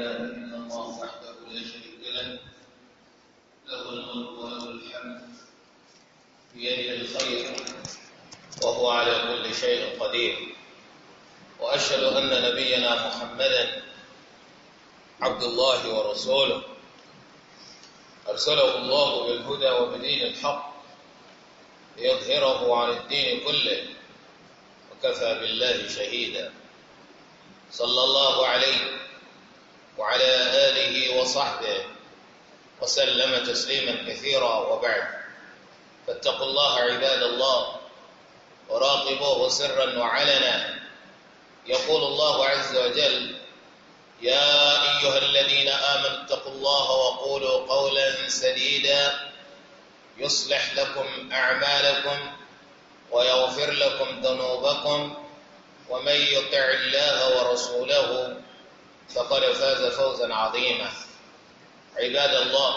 لا شريك له له الملك وله الحمد بيده الخير وهو على كل شيء قدير واشهد ان نبينا محمدا عبد الله ورسوله ارسله الله بالهدى وبدين الحق ليظهره على الدين كله وكفى بالله شهيدا صلى الله عليه وعلى آله وصحبه وسلم تسليما كثيرا وبعد فاتقوا الله عباد الله وراقبوه سرا وعلنا يقول الله عز وجل يا أيها الذين آمنوا اتقوا الله وقولوا قولا سديدا يصلح لكم أعمالكم ويغفر لكم ذنوبكم ومن يطع الله ورسوله فقد فاز فوزا عظيما عباد الله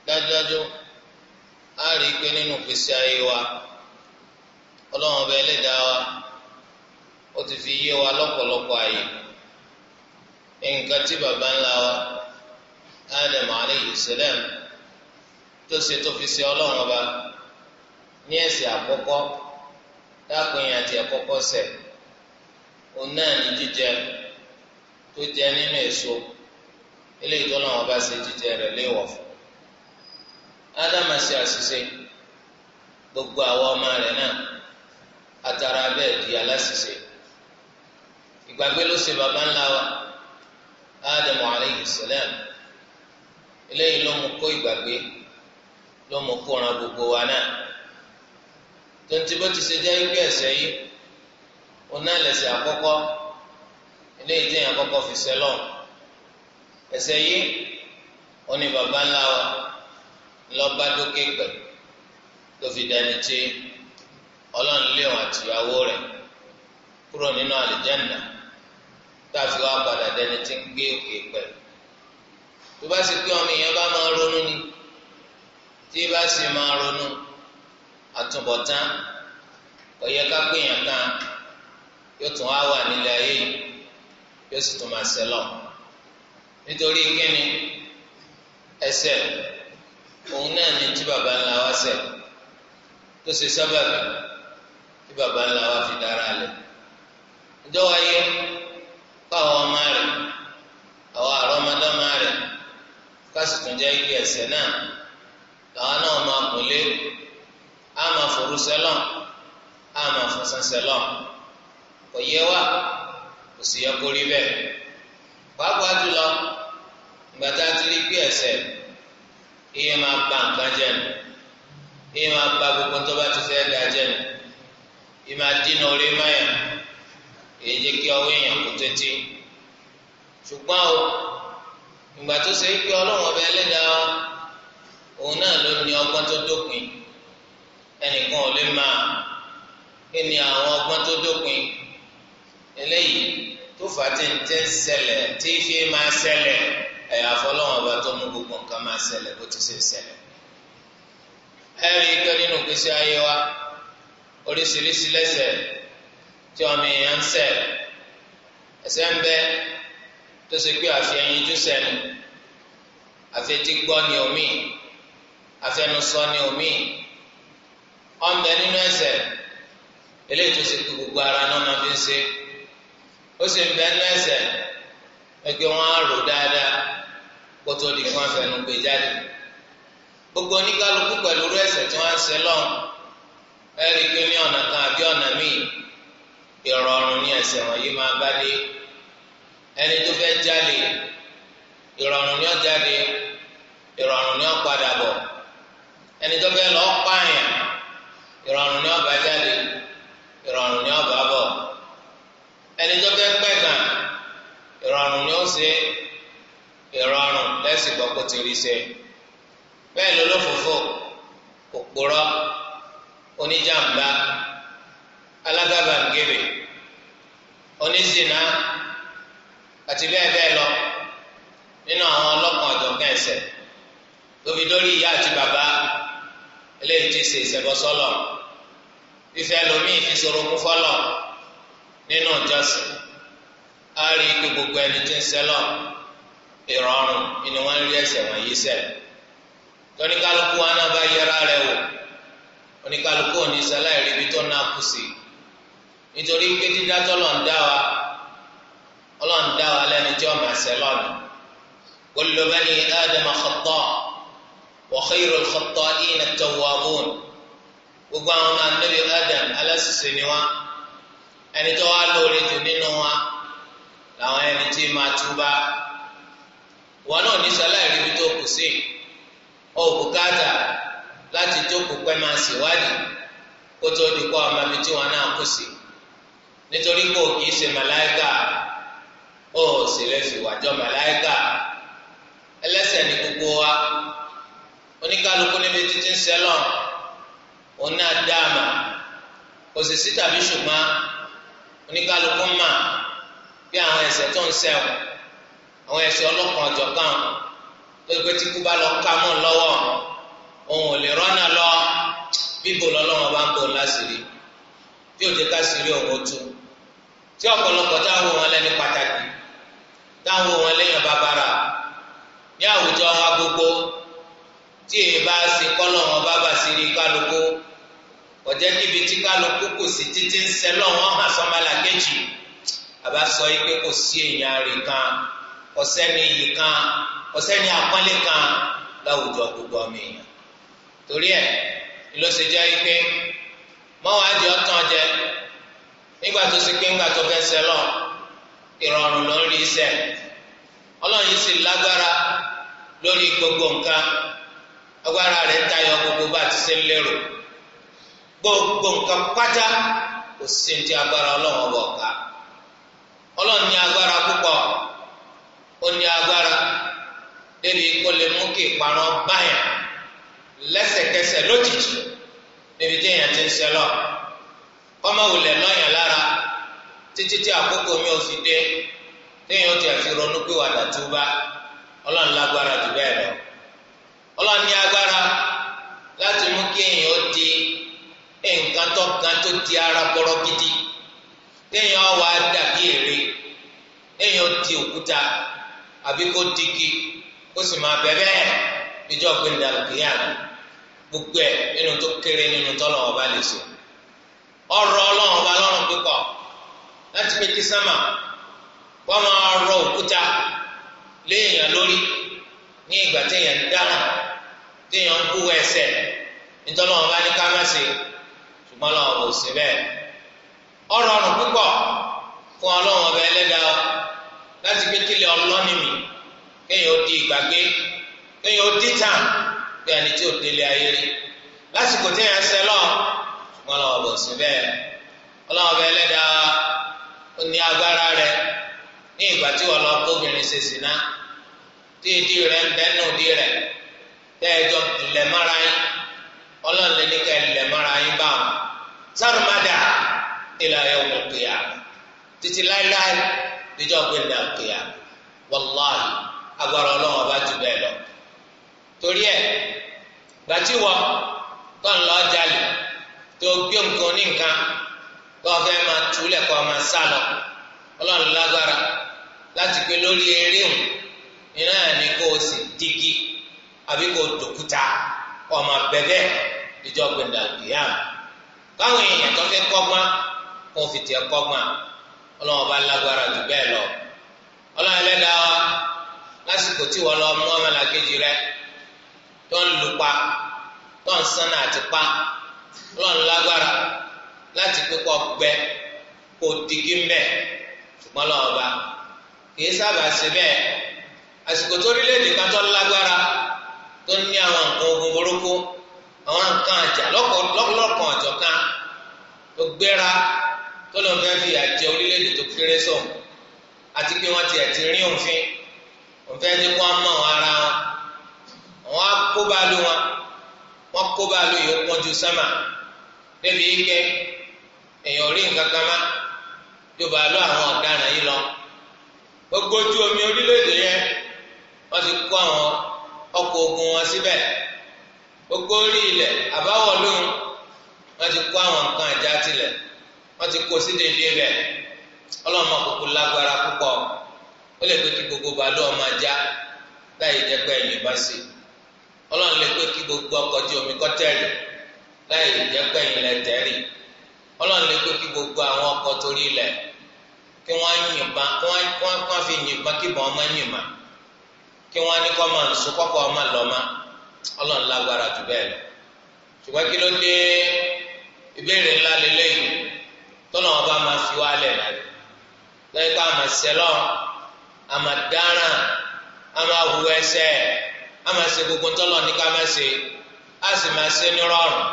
dájúdájú a rí i pé nínú ìgbésí ayé wa ọba wa ti fi yé wa lọ́pọ̀lọpọ̀ àyè nka ti baba ńlá wa Adam aleyhi salam tó ṣe tó fi ṣe ọlọ́run ọba ní ẹ̀ṣẹ̀ àkọ́kọ́ dákùnrin àti ẹ̀kọ́kọ́ ṣẹ̀ òun náà ní jíjẹ nínú èso eléyìí tó lọ́wọ́ bá ṣe jíjẹ rẹ̀ léèwọ̀ fún ádámà ṣe àṣìṣe gbogbo àwọn ọmọ rẹ̀ náà atara bẹ́ẹ̀ di aláṣìṣe ìgbàgbé ló ṣe baba ńlá wa ádámù alayhi salam eléyìí ló mú kó ìgbàgbé ló mú kó ran gbogbo wa náà tonti bó ti ṣe jẹ́ ìgbé ẹ̀ṣẹ̀ yìí ó náà lẹ̀ṣẹ̀ àkọ́kọ́ eléyìí téèyàn kọ́kọ́ fi sẹ́lọ̀ ẹsẹ̀ yìí ó ní baba ńlá wa lọ́ba dókè pẹ̀ tó fi dání tí ọlọ́run léwọn àtìyàwó rẹ̀ kúrò nínú àlìjẹ́nà tá a fi wá padà dání tí ń gbé òkè pẹ̀ tó bá sì pé ọmọ èèyàn bá máa ronú ni tí bá sì máa ronú àtúbọ̀tán ó yẹ ká gbìyànjú kan yóò tún wá wà nílé ayé yìí. yóò sì máa ike lọ nítorí kíni ẹ̀ṣẹ̀ òun náà ni tí baba ńlá wa tó ṣe sábàbí tí baba ńlá wa fi dára lẹ ǹjọ́ wáyé káwọn ọmọ rẹ àwọn àrọ́mọdọ́mọ rẹ kásìtún jẹ́ igi ẹ̀ṣẹ̀ náà làwọn náà máa kún lé kò yẹ wá. kò sì yẹ kó rí bẹ́ẹ̀ pàápàá jùlọ gbàtà ti rí bí ẹsẹ̀ iye máa ba nǹkan jẹ́ nù máa gbogbo tó bá ti fẹ́ da jẹ́ nù iye máa dínà orí mayà èyí jẹ́ kí ọwọ́ èèyàn kó ṣùgbọ́n o ìgbà tó ṣe pé ọlọ́run ọba ẹlẹ́dàá òun náà ló ní ọgbọ́n tó dópin ẹnìkan ò lè máa kí ni àwọn ọgbọ́n tó dópin eléyìí. tó fà á ti ń tẹ́ ṣẹlẹ̀ tí fi máa ṣẹlẹ̀ ẹ̀yà fọlọ́wọn ọba tó mú gbogbo nǹkan máa ṣẹlẹ̀ bó ti ṣe ń ṣẹlẹ̀. ẹ rí i pé nínú ìgbésí ayé wa oríṣiríṣi lẹ́ṣẹ̀ tí ọmọ èèyàn ń ṣẹ̀ ẹ̀ṣẹ̀ ń bẹ tó ṣe pé àfihàn sẹ́nu àfetí gbọ́ ni omi àfẹnusọ ni omi ọ̀nbẹ nínú ẹ̀ṣẹ̀ eléyìí tó ṣe pé gbogbo ara náà máa fi ń ṣe ó sì ń bẹ nú ẹsẹ̀ ẹgbẹ́ wọn á rò dáadáa kótó di fún afẹnú gbé jáde gbogbo oníkálukú pẹ̀lú irú ẹsẹ̀ tí wọ́n á ṣe lọ́n ẹ̀rí pé ní ọ̀nà kan àbí ọ̀nà míì ìrọ̀rùn ní ẹsẹ̀ wọ̀nyí máa bá dé ẹni tó fẹ́ jáde ìrọ̀rùn ní ọ̀jáde ìrọ̀rùn ní ọ̀padà bọ̀ ẹni tó fẹ́ lọ́ọ́ pààyàn ìrọ̀rùn ní ọ̀bá jáde ìrọ̀rùn ní ọ̀bá ẹni tó fẹ́ pẹ́ kan ìrọ̀rùn ni ó ṣe ìrọ̀rùn lẹ́sìn gbọ́ kó ti rí ṣe bẹ́ẹ̀ ló lófòfò òpòrọ́ oníjàmbá alágàbàǹgèrè oníṣìnà àti bẹ́ẹ̀ bẹ́ẹ̀ lọ nínú àwọn ọlọ́kan ọ̀jọ̀gbọ́n ẹ̀sẹ̀ lóbi lórí ìyá àti bàbá eléyìí ti ṣe ìṣẹ̀bọ sọ́lọ̀ lomi ìfisorokú fọ́lọ̀ nínú ìjọsìn á rí i pé gbogbo ẹni tí ń sẹ́lọ̀ ìrọ̀rùn ni wọ́n ń rí ẹ̀ṣẹ̀ wọ̀nyí sẹ̀ tóníkálukú wa náà bá yẹra rẹ̀ wò oníkálukú ò ní sẹ́lá ìrìbí tó náà kù sí nítorí pé dídá tọ́lọ̀ ń dá wa ọlọ́run wa lẹ́ni tí ọmọ ẹ̀ṣẹ̀ lọ́nà kullu bani ádámà khatta' wa khayrul khatta'ina at-tawwabun gbogbo àwọn ọmọ anábì ádám aláṣiṣẹ́ ni wọ́n ẹni tó wá lóore jù nínú wa làwọn ẹni tí máa túbà wọn náà ní sọlá ìrírí tó kù sí òbúkátà láti jókòó pẹ́ máa ṣèwádìí kó tó di kọ́ ọmọ mi tí wọn náà kù sí nítorí kò kì í ṣe màláìkà ó sì lè fi wàjọ màláìkà ẹlẹ́ṣẹ̀ ní gbogbo wa oníkálukú níbi títí ń sẹ́lọ̀ òun náà dáàmà kò sì sí tàbí ṣùgbọ́n oníkálukú mà bí àwọn ẹ̀ṣẹ̀ tó ń ṣẹ̀ ọ́ àwọn ẹ̀ṣẹ̀ ọlọ́kan ọ̀jọ̀kan tó gbé tí kú bá lọ ká mọ́ lọ́wọ́ òun ò lè rọ́nà lọ bíbò lọ́lọ́wọ́ bá ń bò láṣìírí bí òde káṣìírí òun ó tú tí ọ̀pọ̀lọpọ̀ táwọn wọn lẹ́ni pàtàkì táwọn wọn lẹ́yìn bàbàrà ní àwùjọ wa gbogbo tí èyí bá ṣe kọ́lọ̀ wọn bá bá ṣe rí kálukú. ọjọ́ níbi tí kálukú kò sí títí ń sẹ́lọ̀ hàn kejì àbá sọ yìí pé kò sí èèyàn rè kan ọ̀sẹ́ni yìí kan ọ̀sẹ́ni àpọ́nlé kan láwùjọ gbogbo ọmọ èèyàn torí ẹ ló ṣe jẹ́ ike mọ́wájú ọ̀tàn jẹ nígbà tó ṣe pé ńgbà tó fẹ́ sẹ́lọ̀ ìrọ̀rùn ló ń rí iṣẹ́ ọlọ́run sì lágbára lórí gbogbo nǹkan agbára gbogbo nǹkan pátá kò sí ní ti agbára ọlọ́run ọba ọ̀ka ọlọ́run ní agbára púpọ̀ ó ní agbára débi kó lè mú kí ìparun báyà lẹ́sẹ̀kẹsẹ̀ lójijì tí èèyàn ti ń ṣe lọ kọ́mọ lọ́yàn lára títí tí àkókò mi ò fi dé téèyàn ti àfi ronú pé wàdà tó bá ọlọ́run di. nǹkan tó kan tó ara bọ́rọ́ gidi kéèyàn wà dàbí èrè kéèyàn di òkúta àbí kó digi kó sì máa bẹ níjọ́ gbogbo ẹ̀ nínú tó kéré nínú tọ́lọ̀ ọba lè ṣe ọrọ̀ ọlọ́run ọba lọ́rùn pípọ̀ láti sámà wọ́n máa rọ òkúta léèyàn lórí ní ìgbà téèyàn téèyàn ń kú ẹsẹ̀ nítorí wọn bá ní ká má ṣe. mọ́lá ọ̀bọ̀ òsè bẹ́ẹ̀ ọ̀rọ̀ ọ̀rùn púpọ̀ fún ọlọ́run ọba ẹlẹ́dàá láti gbé kílẹ̀ ọlọ́ni mi kéèyàn ó di ìgbàgbé kéèyàn ó di tàn bí ẹni tí ò délé ayé rí lásìkò tí yẹn ṣe lọ mọ́lá ọ̀bọ̀ òsè bẹ́ẹ̀ ọlọ́run ọba ẹlẹ́dàá ó ní agbára rẹ̀ ní ìgbà tí wọ́n lọ bóbìnrin ṣe sì ná tí ìdí rẹ̀ ń bẹ́nu ìdí rẹ̀ tẹ́ ẹjọ́ ìlẹ̀mọ́ra yín ọlọ́run lè ní ká ìlẹ̀mọ́ra yín báwọn sármádà ila yawm al-qiyamah títí láíláí níjọ́ gbẹ̀ndà al-qiyamah wàláhì agbára ọlọ́wọ́ bá ti bẹ́ẹ̀ lọ. torí ẹ̀ gbàtí wọ tó ń lọ jalè tó gbé nǹkan ní nǹkan tó fẹ́ máa túlẹ̀ kó máa sá lọ lágbára láti pé lórí eré òun iná ní kó o sì dígí àbí kó o dòkúta ọmọ bẹ́bẹ́ ìjọ gbẹ̀ndà al-qiyamah. báwọn èèyàn tó fẹ́ kọ́gbọ́n kò fi tiẹ̀ kọ́gbọ́n ọlọ́wọ́n bá lágbára lọ ọlọ́wọ́n ẹlẹ́dàá wa lásìkò tí wọ́n lọ mú rẹ tó ń lù tó ń sánà àti pa ọlọ́wọ́n lágbára láti pé gbẹ kò digi mbẹ àwọn nǹkan àjà lọ́kọ̀ọ́kan ọ̀jọ̀kan tó gbéra tó fẹ́ fi àjẹ orílẹ̀-èdè tó kéré sọ̀n àti pé wọ́n ti ẹ̀tì rí òfin òfin ní wọ́n mọ̀ wọn ara wọn àwọn akóbálù wọn wọ́n kóbálù yìí ó sámà débi ike èèyàn nǹkan kan má yóò bá gbogbo ojú omi orílẹ̀-èdè yẹn wọ́n ti kó àwọn ọkọ̀ gbogbo orí ilẹ̀ àbáwọ̀lóhùn wọ́n ti kó àwọn nǹkan ẹ̀já tilẹ̀ wọ́n ti kó rẹ̀ ọlọ́mọ kúkú lágbára púpọ̀ ó lè pé kí gbogbo ọmọ ajá ẹ̀yìn bá sí ọlọ́run lè pé kí gbogbo ọkọ̀ omi kọ́ tẹ̀rì ẹ̀yìn lè pé kí gbogbo àwọn ọkọ̀ torí ilẹ̀ kí wọ́n yìnbọn kí wọ́n fi yìnbọn kí ọmọ yìnbọn kí ọlọ́run lágbára jù bẹ́ẹ̀ lọ ṣùgbọ́n kí ló dé ìbéèrè ńlá lélẹ́yìn tọ́nà ọba máa fi wá lẹ̀ láyé lẹ́yìn pé àmà sẹ́lọ̀ àmà dáná àmà hu ẹsẹ̀ àmà ṣe gbogbo tọ́lọ̀ ní ká má ṣe á sì máa ṣe ní rọrùn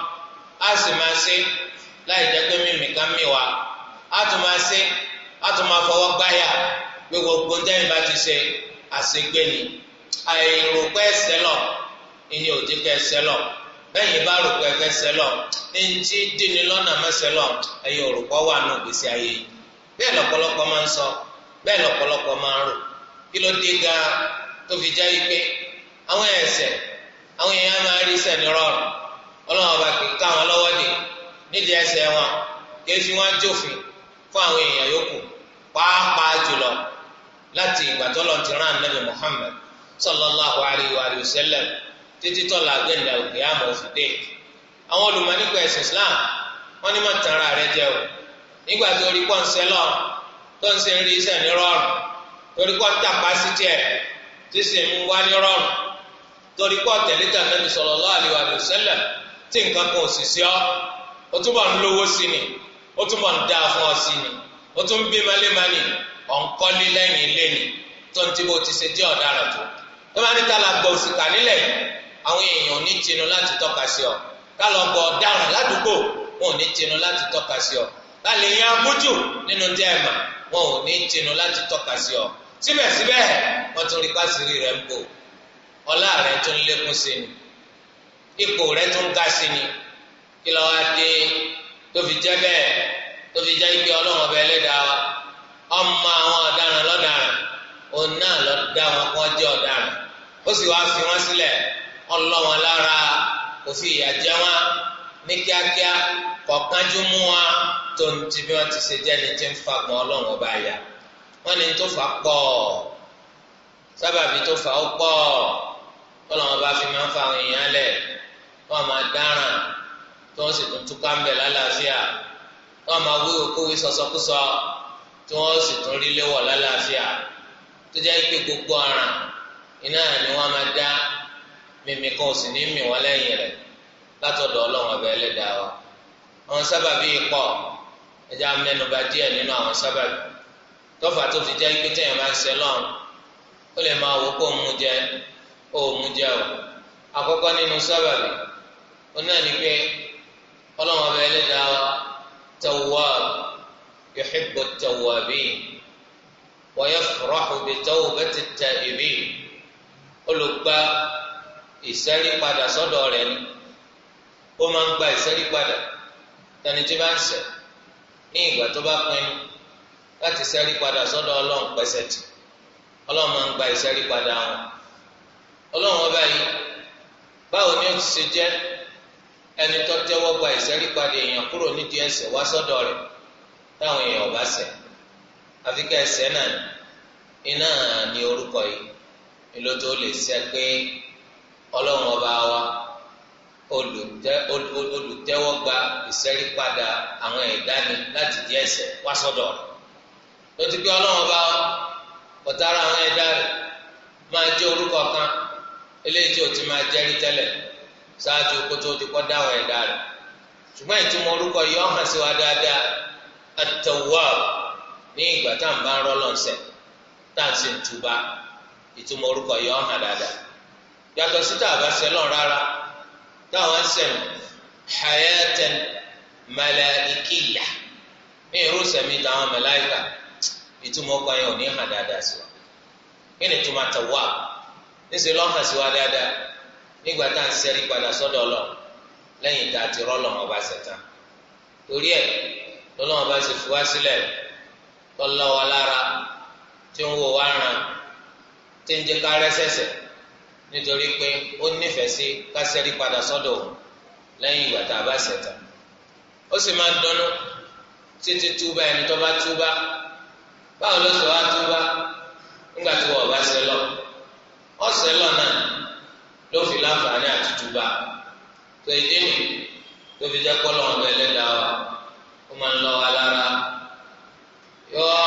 á sì máa ṣe láì jẹ́ pé mímì kan mì wá á tún máa ṣe á tún máa fọwọ́ gbáyà pé gbogbo tẹ́yìn bá ti ṣe àṣegbè ni àìrò pẹ́ sẹ́lọ̀ ihe ò dín kẹ́ sẹ́lọ̀ bẹ́ẹ̀ni bá rò pé ẹ̀fẹ́ sẹ́lọ̀ ẹ̀ǹtí dínní lọ́nà mẹ́sẹ̀lọ̀ ẹ̀yìn wà nù bẹ́ẹ̀ máa ń sọ bẹ́ẹ̀ lọ́pọ̀lọpọ̀ máa ń rò kí ló dé ga tó fi jẹ́ ipé àwọn ẹ̀ṣẹ̀ àwọn èèyàn máa rí rọrùn dé nídìí wọn wọn jófin fún àwọn èèyàn yòókù pàápàá jùlọ láti títí tọ́lá gbẹ̀ndà òkè àmọ́ òfìdé àwọn olùmọ̀ nípa ẹ̀sìn Islam wọ́n ní má tanra rẹ jẹ o nígbà tó rí pọ́ǹsẹ̀ lọ tó ń ṣe ń rí iṣẹ́ ní rọrùn torí kọ́ tàpá sí tiẹ̀ tí sì ń wá ní rọrùn torí kọ́ tẹ̀lítà Nabi sallallahu alaihi wa sallam tí nǹkan kan ò sì sí ọ́ ó ni ó túbọ̀ ni ó tún bí malémalè ọ̀nkọ́lé lẹ́yìn ilé ni tó ń tibó ti àwọn èèyàn ní tinú láti tọ́ka sí ọ kálọ̀ bọ̀ ọ̀daràn ládùúgbò wọn ò ní tinú láti tọ́ka sí ọ kálẹ̀ yẹn abújù nínú tẹ́ ẹ̀ mà wọn ò ní tinú láti tọ́ka sí ọ síbẹ̀síbẹ̀ wọ́n tún rí pàṣírí rẹ̀ ń bò ọlá rẹ̀ tún lékún sí ni ipò rẹ̀ tún ga sí ni kí lọ́wọ́ á tó fi jẹ́ bẹ́ẹ̀ tó fi jẹ́ ike ọlọ́run ọba ẹlẹ́dàá wa ọmọ àwọn ọ̀daràn lọ́daràn òun náà lọ́ dá wọn kó jẹ́ ọ̀daràn ó sì wá fi wọn sílẹ̀ ọlọ́wọ́n lára kò fi ìyà jẹ wọn ní kíákíá kọ̀ọ̀kanjú mú wọn tó ń ti bí wọn ti ṣe jẹ́ni tí ń fagbọ́n ọlọ́run ọba yà wọ́n ní tó fà pọ̀ sábàbí tó fà ó pọ̀ ọlọ́run ọba fi máa ń fa àwọn èèyàn lẹ̀ wọ́n máa dáràn tí wọ́n sì tún túká ń bẹ̀ lálàáfíà wọ́n máa wí òkúwí sọsọkúsọ tí wọ́n sì tún rí léwọ̀ lálàáfíà tó jẹ́ pé gbogbo ọ̀ràn iná ni wọ́n máa dá mímí kan sì ní mì wọ́n lẹ́yìn rẹ̀ látọ̀dọ̀ ọlọ́run ọba ẹlẹ́dàá wa àwọn sábàbí pọ̀ ẹja mẹ́nuba díẹ̀ nínú àwọn sábàbí tọ́fà tó fi jẹ́ pé téèyàn máa ń ṣe lọ́run ó lè máa wò kó mú jẹ ó mú jẹ o àkọ́kọ́ nínú sábàbí ó náà ní pé ọlọ́run ọba ẹlẹ́dàá wa tawwab yuhibbu at-tawwabin wa yafrahu bi tawbati at-ta'ibin olùgbà. ìsẹ́rí padà sọ́dọ̀ rẹ̀ ni ó máa ń gba ìsẹ́rí padà tani tí bá ń ṣẹ̀ ní ìgbà tó bá pinnu láti sẹ́rí padà sọ́dọ̀ ọlọ́run pẹ̀sẹ̀ tì ọlọ́run máa ń gba ìsẹ́rí padà wọn ọlọ́run ọba yìí báwo ni ó ti ṣe jẹ́ ẹni tó tẹ́wọ́ gba ìsẹ́rí padà èèyàn kúrò nídìí wá sọ́dọ̀ ọba náà iná orúkọ yìí ni tó lè pé. ọlọ́run ọba wa olùtẹ́wọ́gba ìsẹ́rípadà àwọn ẹ̀dá láti di ẹsẹ̀ wá sọ́dọ̀ rẹ̀ ló ti pé ọlọ́run ọba wa ọ̀tara àwọn ẹ̀dá rẹ̀ máa jẹ́ orúkọ kan eléyìí tí o ti máa jẹ́rí tẹ́lẹ̀ ṣáájú kó ti kọ́ ẹ̀dá rẹ̀ ṣùgbọ́n ìtumọ̀ orúkọ yìí sí wa yàtọ̀ sí tá a bá sẹ́lọ̀ rárá táwọn sẹ́mu hayatan malaikiyya ní irú sẹ́mi táwọn màláíkà ìtumọ̀ ọkọ yẹn ò ní hàn dáadáa sí wa kí ni tó máa tẹ̀wá níṣẹ́ lọ́ hàn sí wa dáadáa nígbà tá à sẹ́rí padà sọ́dọ̀ lọ lẹ́yìn tá a ti rọ́lọ̀ wọn bá sẹ̀tàn torí ẹ̀ lọ́lọ́wọ́n bá sì fi wá sílẹ̀ lọ́lọ́wọ́ lára tí ń wo wá ràn tí ń jẹ́ ká rẹ́sẹ̀sẹ̀ nítorí pé ó nífẹ̀ẹ́ sí kásẹ́rí padà sọ́dọ̀ òun lẹ́yìn ìgbà tá a bá ṣẹ̀tà ó sì máa ń dunnú títí túbà ẹni tó bá túbà báwo ló sọ wá túbà nígbà tí wọ́n bá ṣe lọ ọ̀sẹ̀ náà ló fi láǹfààní àti túbà tó ìdí nì tó fi jẹ́ wa ó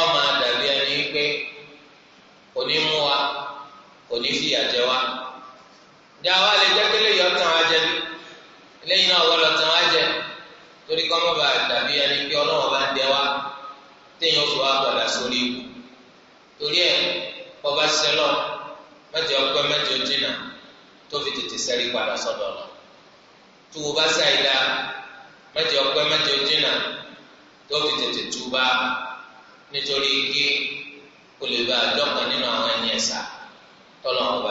jẹ́ àwa lè jẹ́ pélé yọ tàn á jẹ bí eléyìí náà wọ́lọ̀ tàn torí kọ́ dàbí ẹni pé ọlọ́wọ́ bá ń jẹ wá téèyàn wá padà sórí ikú torí ẹ̀ bọ́ba sẹ́lọ̀ mẹ́jọ ọgbẹ́ mẹ́jọ dínà tó fi tètè padà lọ tó fi tètè nítorí kí lè nínú àwọn ẹni tọ́lọ́ ọba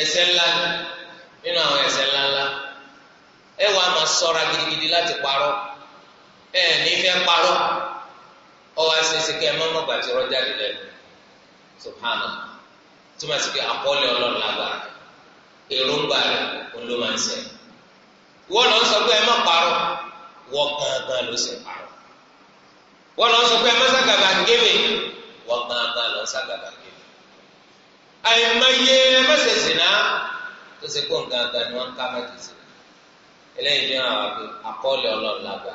ẹ̀ṣẹ̀ ńlá nínú àwọn ẹ̀ṣẹ̀ ńlá ńlá ẹ wàá máa ṣọ́ra gidigidi láti parọ́ ẹ ní fẹ́ parọ́ ọwọ́ àṣẹṣe kẹ ẹ má mọgbà tí ọ̀rọ̀ jáde lẹ́nu subhana túmọ̀ sí pé àkọọ́lẹ̀ ọlọ́run lágbára èròǹgbà rẹ̀ òun ló máa ń ṣe wọ́n lọ sọ pé ẹ má parọ́ wọ́n gbàngàn ló sì parọ́ wọ́n lọ sọ pé ẹ má ságàbà ń gébè wọ́n gbàngàn ló ságàbà ń àìmọye mẹsẹsì náà tó ṣe kó nǹkan kan ni wọn ká mẹsẹsì eléyìí fi hàn wábi àkọọlẹ Ọlọ́run lágbà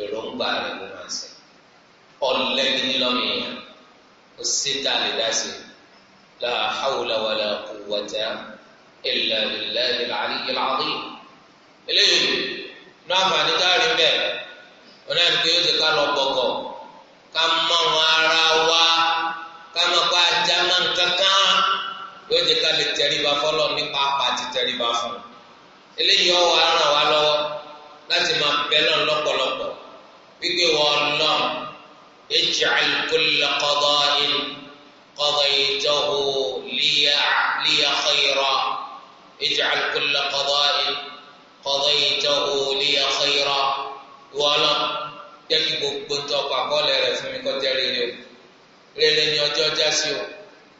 èròǹgbà rẹ ló máa ṣe ọlẹgìní lọmìnira ó sì ta lè dá sí la hawla wala quwwata illa billahi al-aliyyil eléyìí náà fàánì káàrin bẹ́ẹ̀ wọn náà ní ti ká lọ gbọgọ ká mọ wọn ara wa ká mọ kọ máa ń kankan yóò jẹ́ ká lè tẹríba fọlọ́ nípa àpàtì tẹríba fún un eléyìí ọwọ́ aràn wa lọ́wọ́ láti máa bẹ lọ́n lọ́pọ̀lọpọ̀ wípé wọ́n lọ́n ij'al kulla qada'in qadaytahu liya khayra ij'al kulla qada'in qadaytahu liya khayra wọ́n lọ́n jẹ́ kí gbogbo ntọ́ pàkọ́lẹ̀ rẹ̀ fún mi kọjá rere o rere ni ọjọ́ já o.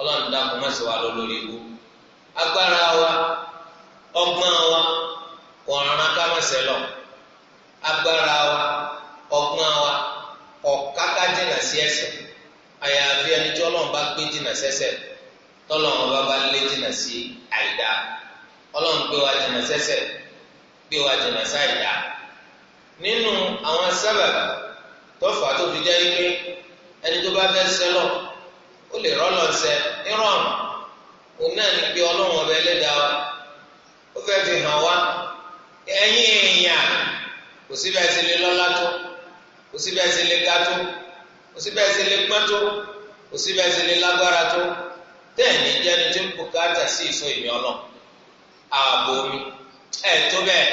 ọlọ́run dákun má ṣe wá lọ lórí ibú agbára wa ọgbọ́n wa ọ̀ràn ká lọ agbára wa ọgbọ́n wa ọ̀káká jìnà sí ẹ̀ṣẹ̀ àyàfi ẹni tí ọlọ́run gbé jìnà sẹ́ṣẹ̀ tọ́lọ́run bá lé jìnà sí àìdá ọlọ́run wa jìnà gbé wa jìnà sí nínú àwọn ike fẹ́ sẹ́lọ̀ ó lè rọ́lọ̀ ṣẹ nírọ̀rùn òun náà ní pé ọlọ́run ọba ẹlẹ́dàá wa ó fẹ́ fi hàn wá ẹ̀yin èèyàn kò sí bẹ́ẹ̀ sí lè lọ́lá tó kò sí bẹ́ẹ̀ sí lè ga tó kò sí bẹ́ẹ̀ sí lè pọ́n tó kò sí sí lè lágbára tó tẹ́ẹ̀ni jẹ́ni tí ń bùkátà sí ìsọ èmi ọlọ́ ààbò mi ẹ̀ tó bẹ́ẹ̀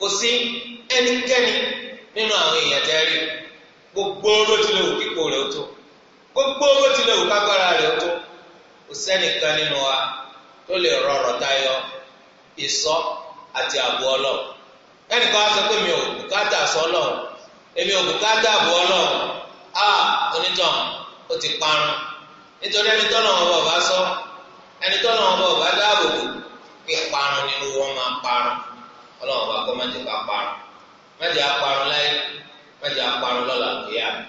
kò sí ẹnikẹ́ni nínú àwọn èèyàn tẹ́rí gbogbo ló ti rẹ̀ ó tó. gbogbo bó tilẹ̀ wù kágbára rẹ̀ tó kò sẹ́nìkan nínú wa tó lè rọrọ̀ dayọ ìsọ àti àbò ọlọ́run ẹnìkan sọ pé mi ò bùkátà sọ ọlọ́run èmi ò bùkátà àbò ọlọ́run á onítàn ó ti parun ẹni tọ́nà wọn bọ̀ ẹni tọ́nà wọn bọ̀ bá dáàbò bò pé parun nínú wọn máa parun bá kọ́ parun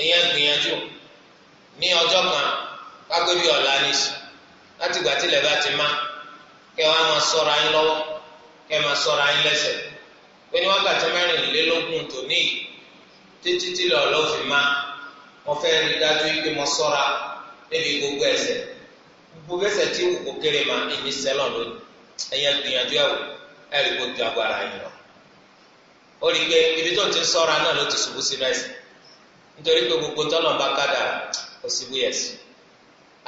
ẹ̀yin agbìyànjú ní ọjọ́ kan kágbébí ọ̀la nìsí láti gbà tí ti má kẹ́ wàá máa sọ́ra yín lọ́wọ́ kẹ́ máa sọ́ra yín lẹ́sẹ̀ pé ní wákàtí mẹ́rìnlélógún tòní títí tí lọ́ọ̀ ló fi má mo fẹ́ rí dájú pé mo níbi gbogbo ma èmi sẹ́lọ̀ lónìí ẹ̀yin agbìyànjú ẹ̀wò ẹ̀rí kó ju agbára ibi tó ti náà ló ti ṣubú nítorí pé gbogbo tọ́nà bá kádàrá kò sí wíyà sí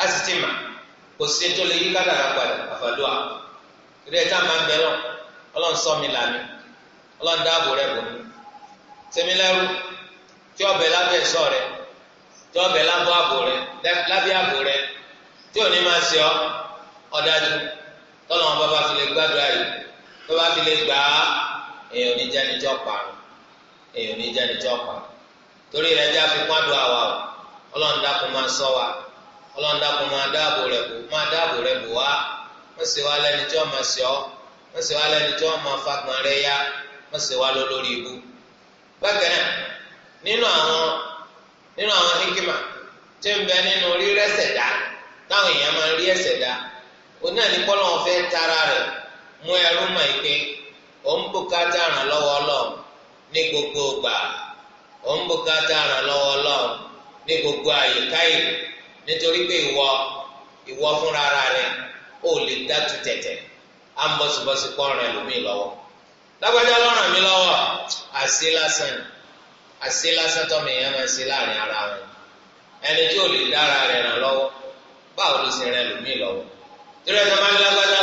a sì ti mà kò sí tó lè yí kádàrá padà àfàdúà ìdí ẹ̀ta máa ń bẹ lọ ọlọ́run ṣọ́ mi là mí ọlọ́run dáàbò rẹ̀ bò mí sẹ́mi lẹ́rú tí ọbẹ̀ lábẹ́ ẹ̀ṣọ́ rẹ̀ tí ọbẹ̀ lábọ́ àbò rẹ̀ lábẹ́ àbò rẹ̀ tí ò ní máa ṣe ọ́ ọ̀dájú tọ́lọ́mọ bàbá fi lè gbàdúrà yìí bàbá fi lè gbà á èèyàn ò tí ó èèyàn ò tí ó torí rẹ̀ jẹ́ àfikún àdúrà wa o ọlọ́run dákun máa ṣọ́ wa máa dáàbò rẹ bò wá wọ́n sì wá tí wọ́n máa wọ́n wá tí máa yá wọ́n sì wá lọ lórí ibu. bákan náà nínú àwọn hikima tí ń bẹ nínú rírẹ táwọn èèyàn máa rí fẹ́ tara mú ẹrú mọ̀ ìpín òun ó ń bùkátà àrànlọ́wọ́ ọlọ́run ní gbogbo àyíká yìí nítorí pé ìwọ ìwọ fúnra ara rẹ ó lè dátú tẹ̀tẹ̀ á ń bọ́sibọ́sí pọ́n rẹ lómi lọ́wọ́ lágbájá lọ́ràn mi lọ́wọ́ àṣì lásán àṣì lásán tọ́mọ èèyàn máa ṣe láàrin ara wọn ẹni tí ò lè dára rẹ ràn lọ́wọ́ báwo ló ṣe rẹ lómi lọ́wọ́ máa ń lágbájá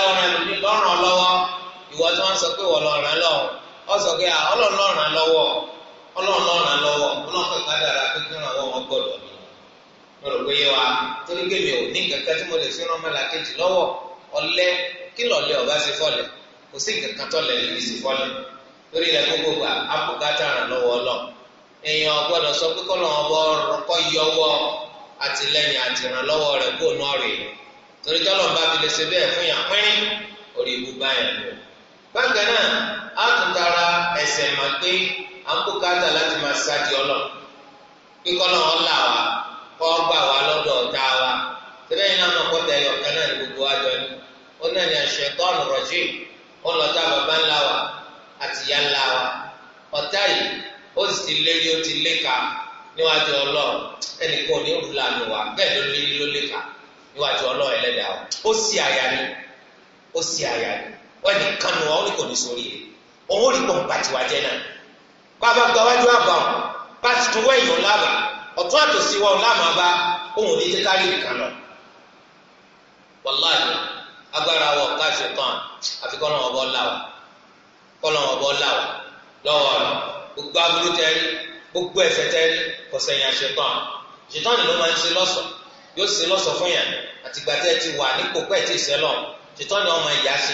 sọ pé ọ ọlọ́run náà ràn lọ́wọ́ ọlọ́run kankan dára pé kí ràn wọ́n gbọ́dọ̀ mi mo rò pé yé wa torí pé mi ò ní kankan tí mo lè fi rán mọ́lá kejì lọ́wọ́ ọlẹ́ kí lọ́ọ̀lẹ́ ọ̀gá sí fọ́lẹ̀ kò sí kankan tọ́lẹ̀ lè sí fọ́lẹ̀ torí ilẹ̀ gbogbo gbà ápùkátà ràn lọ́wọ́ ọlọ́ èèyàn gbọ́dọ̀ sọ pé kọ́ lọ́wọ́ bọ́ kọ́ yọwọ́ àtìlẹ́yìn àtìrànlọ́wọ́ rẹ̀ kó nù ọ̀rẹ́ torí tọ́lọ̀ bá fi lè ṣe bẹ́ẹ̀ fún yàn pín orí ibú báyàn lò bákan náà á tún tara ẹ̀sẹ̀ mọ̀ pé à ń bùkátà láti máa sáàdì ọlọ kíkọ́ náà wọ́n là wá kọ́ gbà wá lọ́dọ̀ ọ̀tá wa tẹ́lẹ̀ iná náà kọ́ tẹ̀lé ọ̀kan náà ní gbogbo àjọ ni ó náà ní àṣẹ tọ́ọ̀nù rọ̀jì ó lọ tá bàbá ńlá wa àti ìyá ńlá wa ọ̀tá yìí ó sì ti lé ní ó ti lé ka níwájú ọlọ́run ẹnìkan ò ní òru lànà wa bẹ́ẹ̀ ló lé ló lé ka níwájú ọlọ́run bàbá gbàwájú àbà wọn bá ti tún wẹ̀yìn ọ̀làbà ọ̀tún àtòsí wa ọ̀làmà bá òun ní kárí nìkan lọ. wàláyé agbára wọ káṣí kan àfi kọ́ lọ́wọ́ bọ́ láwọ̀ kọ́ lọ́wọ́ bọ́ láwọ̀ lọ́wọ́ rẹ̀ gbogbo aburú tẹ́rí gbogbo ẹ̀fẹ̀ tẹ́rí kò sẹ́yìn àṣẹ kan ṣètàn ló máa ń ṣe lọ́sọ̀ yóò ṣe lọ́sọ̀ fún yàn àtìgbà ti wà nípò pẹ́ẹ́tì ìṣẹ́lọ̀ ṣètàn ni ọmọ ìyá ṣe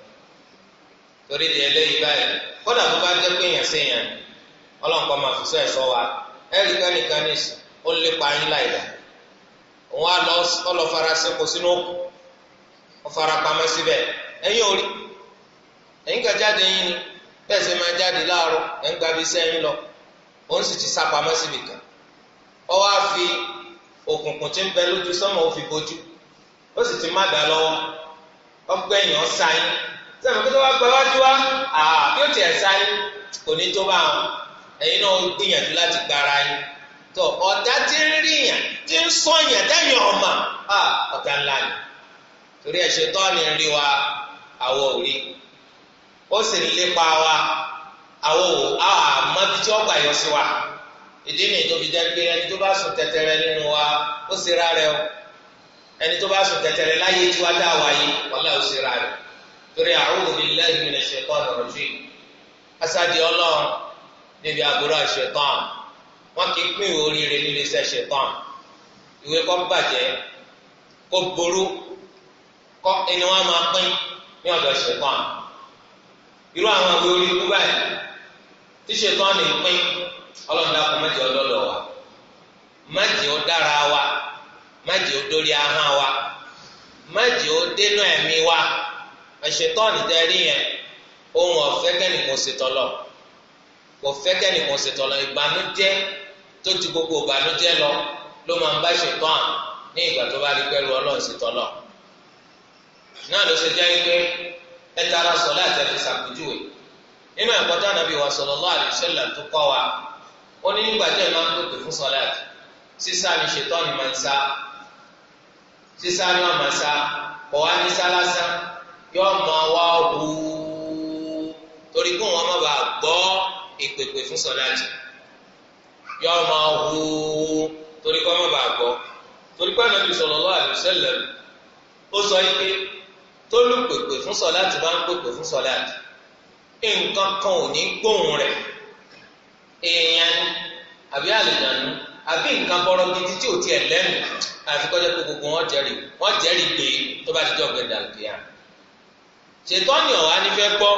torí di eléyìí báyìí kódà tó bá jẹ́ pé èèyàn ọlọ ọlọ́nkọ́ máa fi sọ ẹ̀sọ́ wa ẹ̀rí kánìkan ní ìsìn ó lépa yín láìda òun á lọ ọlọ́ fara sẹ́kọ̀ọ́ sínú òkú Ọ fara pamọ́ síbẹ̀ kan jáde yín ni bẹ́ẹ̀ lọ òun sì ti sá pamọ́ síbi kan wá fi òkùnkùn tí ń bẹ lójú sọ́mọ́ bójú ó sì ti sọ̀rọ̀ pé tó wá gba wájú wa àbí ó tiẹ̀ sáré kò ní tó bá wọn ẹ̀yin náà gbìyànjú láti gbára yín tó ọ̀tá tí ń ríyàn tí ń sọ̀yàn dẹ́yìn ọ̀mà ọ̀tá ńlá ni torí ẹ̀ ṣe tọ́ ni rí wa àwọ̀ òrí ó sì ń lépa wa àwọ̀ ò àmọ́ bí tí wọ́n gbà yọ sí wa ìdí nìyí tó fi jẹ́ pé ẹni tó bá sùn tẹ̀tẹ̀rẹ̀ nínú wa ó sì rárẹ̀ o ẹni tó bá sùn tẹ̀tẹ̀rẹ̀ láyé tí wá dá wa yìí wọ́n lẹ́ torí a'udhu billahi minash shaitanir rajim asáde ọlọ́run níbi àbúrò àṣetán wọn kì í pín ìwé oríire nílé iṣẹ́ ṣetán ìwé kọ́ bàjẹ́ kó ború kọ́ ẹni wọn máa pín ní ọ̀dọ̀ ṣetán irú àwọn ìwé orí ikú báyìí tí ṣetán ní pín ọlọ́run dákun mẹ́jọ ọlọ́lọ́ wa mẹ́jọ ó dára wa mẹ́jọ ó dórí ahọ́n wa mẹ́jọ ó dénú ẹ̀mí wa àṣetọ́ọ̀nì tẹ́ rí yẹn ohun ọ̀fẹ́ kẹ́nìkan ṣetọ́lọ̀ kò fẹ́ kẹ́nìkan ṣetọ́lọ̀ ìbànújẹ́ tó ti gbogbo ìbànújẹ́ lọ ló máa ń bá ṣetọ́ọ̀n ní ìgbà tó bá rí pẹ́lú ọlọ́run ṣetọ́lọ̀ náà ló ṣe jẹ́ pé ẹ tara sọ láti ẹ fi ṣàpèjúwe nínú ẹ̀kọ́ tí ànábì wa sallallahu alaihi wasallam tó kọ́ wa ó ní nígbà tí ẹ máa ń pèpè fún sọ̀láàtì sísá ni ṣetọ́ọ̀nì máa ń sá sísá ni wọ́n máa sá kọ̀ wá sá lásán yọ ọmọ wa wú torí kó wọn má bàa gbọ́ ìpèpè fún sọ̀dáàtì yọ ọmọ wú torí kó wọn má bàa gbọ́ torí pé Ànábì sallallahu alaihi wasallam ó sọ yìí pé tó lù pèpè fún sọ̀dáàtì bá ń pèpè fún sọ̀dáàtì nǹkan kan ò ní gbóhùn rẹ̀ èèyàn àbí àlùjánu àbí nǹkan bọ́rọ̀ gidi tí ò tiẹ̀ lẹ́nu àfikọ́jọ́ gbogbo wọn jẹ́rìí wọn jẹ́rìí pé tó bá ti jọ́ gbẹ̀dàgbé yàrá ṣètọ́ni ọ̀wá ní fẹ́ gbọ́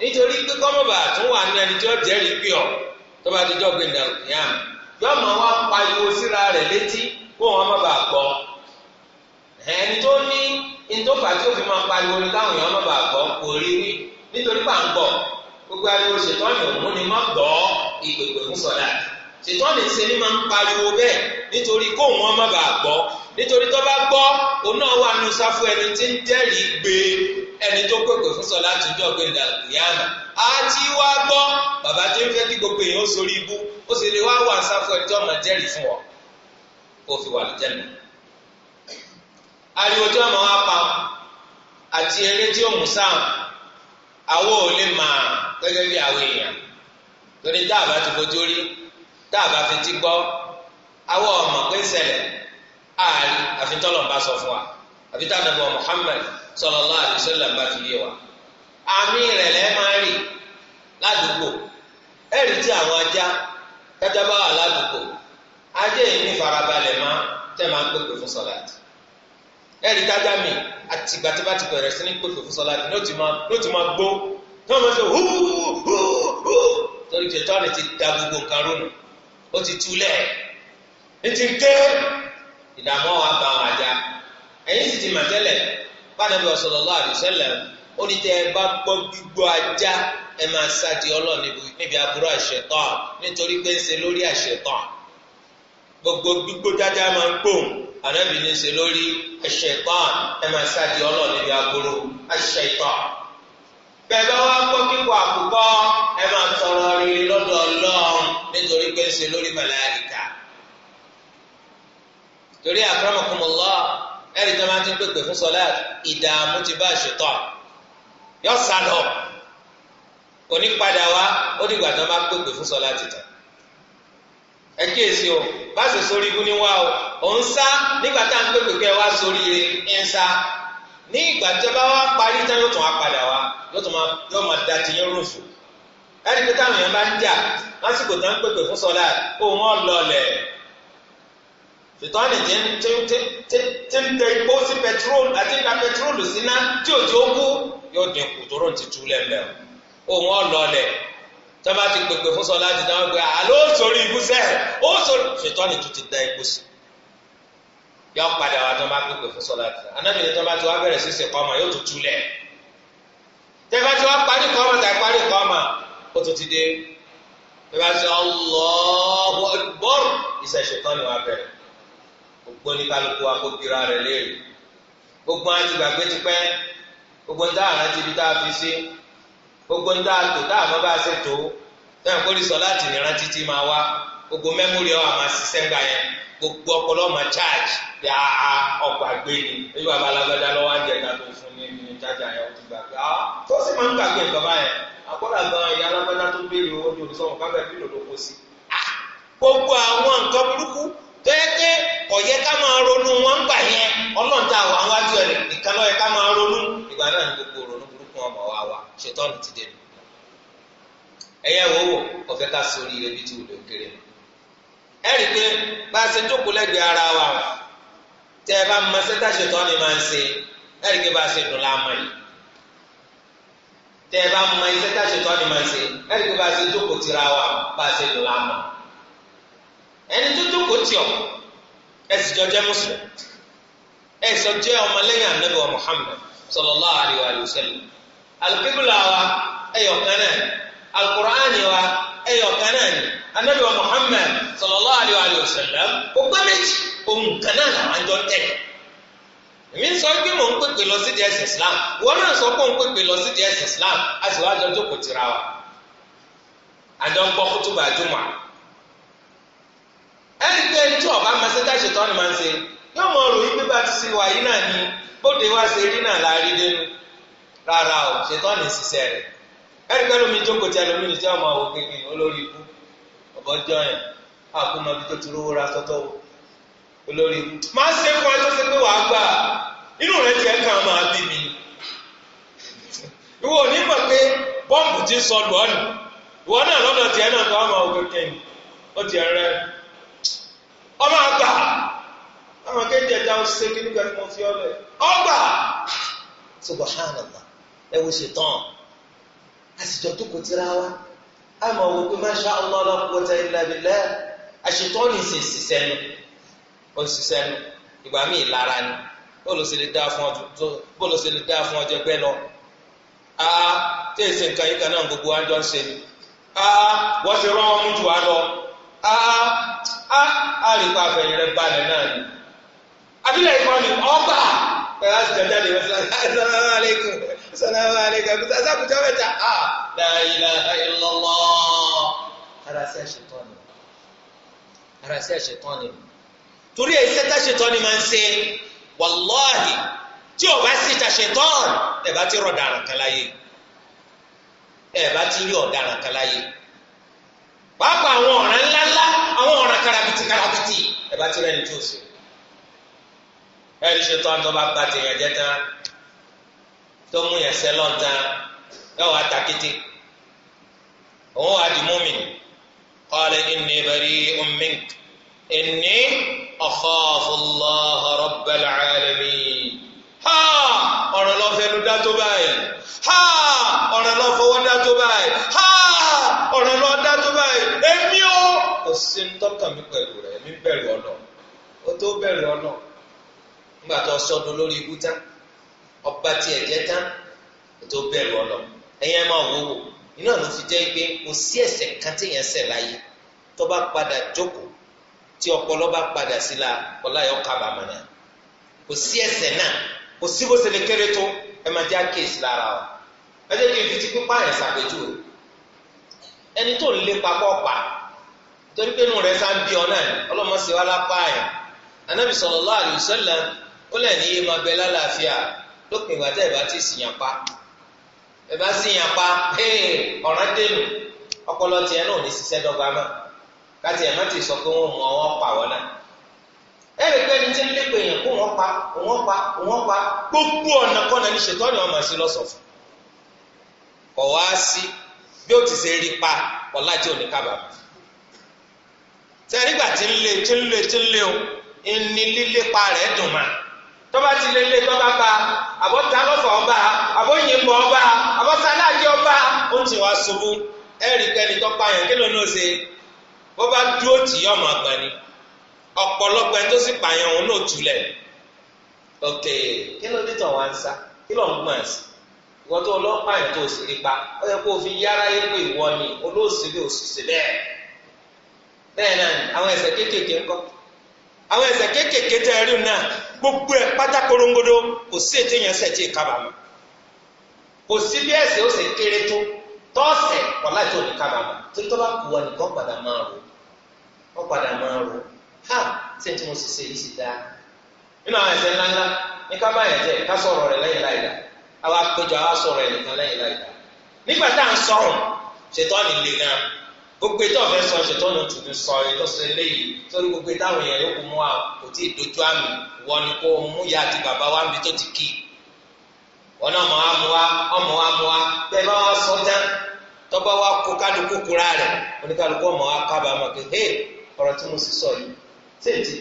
nítorí pé kọ́mọ̀bà tún wà ní ẹni tí ó jẹ́rìí pé ọ̀ tó bá ti jọ́ gbẹ̀dẹ̀ òkèèyàn yóò máa wá pariwo síra rẹ̀ létí kó wọn má bàa gbọ́ ẹni tó ní ìtòfà tí ó fi máa pariwo ní káwọn èèyàn má bàa gbọ́ kò rí wí nítorí pàǹgbọ̀ gbogbo ariwo ṣètọ́ni òun ni má gbọ́ ìgbègbè fún sọ̀dà ṣètọ́ni ṣe ni máa ń pariwo bẹ́ẹ̀ nítorí kó wọn má bàa gbọ́ nítorí tó bá gbọ́ òun náà wà nù sáfù ẹni tí ń jẹ́rìí gbé ẹni tó pèpè fún sọ láti ọjọ́ ọ̀gbẹ́ni dàgbìyàmà á ti wá gbọ́ bàbá tó ń fẹ́ kí gbogbo èèyàn ó ibú ó sì lè wá wà sáfù ẹni tó jẹ́rìí fún ọ kó fi wà lójẹ́ ariwo tí ọmọ wa pa àti eré tí ó mú sáwọn àwọn ò lè máa gẹ́gẹ́ bí àwọn èèyàn torí tá a bá ti bójú rí tá a bá fi ti gbọ́ àwọn ọmọ pé ń ṣẹlẹ̀ àárín àfitọ́lọ̀ ń bá sọ fún wa àbí tá ànábì Muhammad sallallahu alaihi wasallam bá fi yé wa àmì rẹ̀ lẹ́ máa rì ládùúgbò ẹ̀rí tí àwọn ajá kájá bá wà ládùúgbò ajá yìí ní farabalẹ̀ máa tẹ́ máa ń pèpè fún sọ́láàtì ẹ̀rí kájá mi àti ìgbà ti bẹ̀rẹ̀ sí ní pèpè fún sọ́láàtì ló ti máa gbó tó máa ṣe húhúhú torí tètè ọ̀rẹ́ ti da gbogbo nǹkan rónù ó ti túlẹ̀ ní ti ké ìdààmú àwọn àbá àwọn ajá ẹ̀yin sì ti mà tẹ́lẹ̀ pàdánù sallallahu alaihi wasallam ó ní tẹ́ ẹ bá gbọ́ gbígbọ́ ajá ẹ máa sáàdì ọlọ́ níbi aburú àṣetán nítorí pé ń ṣe lórí àṣetán gbogbo gbígbó jájá máa ń gbóhùn ànábì ní ṣe lórí àṣetán ẹ máa sáàdì ọlọ́ níbi aburú àṣetán bẹ́ẹ̀ bá wá kíkọ àkùkọ ẹ máa tọrọ rere lọ́dọ̀ ọlọ́run nítorí pé ń ṣe lórí màláíkà torí akramakumullah ẹ̀rí tó máa ti ń pèpè fún sọlá ìdààmú ti bá ṣètò yọ sálọ òní padà wá ó dìgbà tó máa pèpè fún sọlá tìtàn ẹ kíyèsí o bá sì sórí ibú ní wá o òun sá nígbà tá à ń pèpè kẹ wá sórí ẹ ń sá ní ìgbà tó bá wá parí tán yóò tún wá padà wá yóò tún máa yóò máa da rúfù ẹ̀rí pé táwọn èèyàn bá ń jà lásìkò tó ń pèpè fún sọlá òun ọ̀ lọlẹ̀ ìtọ́ni tí ń tẹ ipò sí pẹtrol àti ń da pẹtrol síná tí òjò kú yóò dín kù tó rọ̀ǹtì tú lẹ́lẹ̀ o òun ọ̀lọ́lẹ̀ tọ́ba ti pèpè fún sọ láti dáhùn pé àlọ́ sórí ibùsẹ̀ ó sórí ìtọ́ni tó ti da ipò sí yọ padà wá tọ́ba pèpè fún sọ láti anábìyẹ tọ́ba ti wá bẹ̀rẹ̀ sí sèkọ́ ọmọ yóò tó tú lẹ̀ tẹ́fà ti wá parí kọ́ ọmọ tàbí parí kọ́ ọmọ ó tún ti dé tẹ́fà ti Allahu Akbar ìṣẹ̀ṣẹ̀ tán ni wàá bẹ̀rẹ̀ gbogbo oníkálukú akókira rẹ̀ léèrè gbogbo wọn ti gbàgbé tipẹ́ gbogbo ń dá àrántí ibi tá fi sí gbogbo ń dá àtò tá bá ṣe tó tẹ́wọ̀n kó sọ láti ìran títí máa gbogbo àmà ńgbà yẹn gbogbo ọpọlọ charge ni ebi bàbá alágbádá lọ́wọ́ àjẹ́ tó fún ní ní yẹn ó ti gbàgbé tó sì máa ń gbàgbé gan ìyá alágbádá tó béèrè owó ní bí lòdò kó sí. gbogbo àwọn nǹkan burúkú tẹ́tẹ́ ọ̀yẹ́ ká máa ronú wọn gbà yẹn ọlọ́run wà wájú ẹ̀ nìkan lọ́yẹ ká máa ronú ìgbà náà ni gbogbo ronú burúkú ti dé ẹyẹ wo wò ọ̀fẹ́ ká sórí ilé bíi kéré ẹ rí i pé bá a i pé bá a i pé bá a ṣe jókòó tira wa bá a ṣe dùn láàmú ẹni tó jókòó tì ọ́ ẹ sì jọ jẹ́ mùsùlùmí ẹ sì jọ jẹ́ ọmọlẹ́yìn anabi wa Muhammad sallallahu alayhi wa sallam alukibula wa ẹyọ kan náà alukuraani wa ẹyọ kan náà ni anabi wa Muhammad sallallahu alayhi wa sallam ó gbé méjì ohun kan náà làwọn àjọ tẹ̀lé èmi ń sọ pé mò ń pèpè lọ sí di ẹsẹ̀ Islam wọn náà sọ pé mò ń pèpè lọ sí di ẹsẹ̀ Islam a sì wá jọ jókòó tira wa àjọ ń gbọ́ kútùbà jùmọ̀ ẹ̀rí tí ọba mẹsẹ́tà ṣètọ́ ni máa ń ṣe yóò mọ ọ̀rọ̀ yìí pé bá ti ṣe wà yìí náà ni bóde o se ni ṣiṣẹ́ rẹ̀ ẹ̀rí pé lómi jókòó tí ni tí ọmọ àwọn kékeré olórí ikú ọ̀bọ jọyìn àkómọ bí tó ti rówó ra sọ́tọ̀ wò olórí ikú máa ṣe fún ẹ pé wàá gbà inú ọmọ àgbà àwọn akéde ẹja ń ṣe kíni kan mo fi ọlẹ ọgbà subhanallah ẹ wo ṣetán àsìjọ tó kò tira wa a máa wo pé masha allah la quwwata illa billah àṣetán ní ìsìn ìsìsẹ́ nu ó ń ṣiṣẹ́ nu ìgbà míì lára ni bọ́ọ̀lù sì lè dá fún ọjọ́ bọ́ọ̀lù lè dá fún ọjọ́ pẹ́ lọ a tẹ̀sí nǹkan yìí kan náà gbogbo wa ń ṣe ni a wọ́n ṣe rán ọmú jù wá lọ a a a lè pa àfẹ̀yìn rẹ balẹ̀ náà ni abilẹ̀ ìkọ́ ni ọba pẹ̀lú àti jẹjẹ lè wọ́n salamu alaikum salamu alaikum sábùjọ́ mẹ́ta a la ilaha illallah ara sí ẹ̀ṣẹ̀ tán ni ara sí ẹ̀ṣẹ̀ tán ni torí èyí sẹ́tà ṣetán ni máa ń ṣe wàláhì tí o bá sì ta ṣetán ẹ̀ bá ti rọ̀ dàrán kan láyé ẹ̀ bá ti rí ọ̀daràn kan láyé pàápàá àwọn ọ̀ràn ńláńlá àwọn ọ̀ràn karabiti karabiti ẹ bá ti rẹ ní tòsí ẹ rí ṣètò àtọ́ba gba tèèyàn jẹ tán tó mú yẹn sẹ́lọ̀ tán ẹ wàá ta kété òun wàá di mọ́mìn qala inni bari'un mink inni akhafu Allah rabbal alamin ha ọ̀ràn lọ́fẹ́ ló dá tó báyìí ha ọ̀ràn lọ́fọwọ́ dá tó báyìí ha. ọ̀ràn lọ dá tó báyìí èmi o kò sí ní tọ́kàn mi pẹ̀lú rẹ̀ èmi bẹ̀rù ọ̀nà ó tó bẹ̀rù ọ̀nà nígbà tó sọdún lórí ikú tán ọba tán ó tó bẹ̀rù ọ̀nà ẹ̀yin máa wò wò iná ló fi jẹ́ pé kò sí kan láyé tó bá padà jókòó tí ọpọlọ bá padà sí la kò sí náà ẹni tó ń lépa kọ́ pa torí pé inú rẹ̀ sá ń bí ọ náà ọlọ́mọ sì wá lápá ẹ̀ anábì sallallahu alaihi wasallam ó lẹ̀ ní yéé máa bẹ lálàáfíà lópin ìgbà tẹ́ ẹ̀ bá ti sìyàn pa ẹ̀ bá sìyàn pa ọ̀ràn dènù ọpọlọ tiẹ̀ náà ò ní ṣiṣẹ́ dọ́gba mọ́ káti ẹ̀ má ti sọ pé wọ́n mọ ọwọ́ pa wọ́n náà ẹ̀ rí pé ẹni tí ń lépa èèyàn kó wọ́n pa wọ́n pa wọ́n pa gbogbo ọ̀nà kọ́nà ní ṣètọ́ ni wọ́n máa ṣe lọ́sọ̀fọ̀ kọ̀ wá sí bí ó ti ṣe rí pa ọ̀la tí ò ní kábàámọ̀ sẹ́rígbà tí ń lé tí ń lé tí ń lé o ní lílépa rẹ̀ dùn mà tọ́ba ti lé lé tọ́ba ba àbọ̀tá lọ́fọ̀ ọba àbọ̀yìnbọ̀ ọba àbọ̀sáláàjì ọba ó ti wá ṣubú ẹ̀rí kẹ́ni tó pààyàn kí ló ní ose bó bá dúró tì í ọmọ àgbà ni ọ̀pọ̀lọpọ̀ ẹni tó sì pààyàn òun náà tulẹ̀ ok kí ló dé tọ̀ wá ń sá kí ló ń gbọ̀n sí ìwọ́n tó ọlọ́pàá yẹn tó òsèré pa ó yẹ kó o fi yára yẹ pé ìwọ ni olóòsèré òṣìṣẹ́ bẹ́ẹ̀ bẹ́ẹ̀ náà àwọn ẹ̀ṣẹ̀ kéékèèké ńkọ́ àwọn ẹ̀ṣẹ̀ kéékèèké tẹ́ ẹ rí náà gbogbo ẹ̀ pátá korongodo kò sí ètò yẹn ṣẹ̀ tí ì kábàámọ̀ kò sí bí ẹ̀ṣẹ̀ ó ṣe kéré tó tọ́ọ̀sẹ̀ ọ̀la tó ní kábàámọ̀ tó tó bá kú wa nìkan padà máa rò padà máa rò ha ṣé tí mo ṣiṣẹ́ yìí sì dáa nínú àwọn ẹ̀ṣẹ̀ ńláńlá ní ká yẹn ká lẹ́yìn láìláì awa kpejọ awa sọrọ ẹnìkan nígbà tá à ń gbogbo ètò sọ ṣètọ́ni sọ ètò sọ eléyìí sórí gbogbo táwọn èèyàn yòókù mú wa kò tí ì dojú àmì ni mú ya àti bàbá wa mi tó ti wọn náà mọ àmú wa ọmọ wa mú wa bá sọ já tọ́gbà wa kó kálukú kura oníkálukú ọmọ wa tí mo sì sọ yìí ṣé ti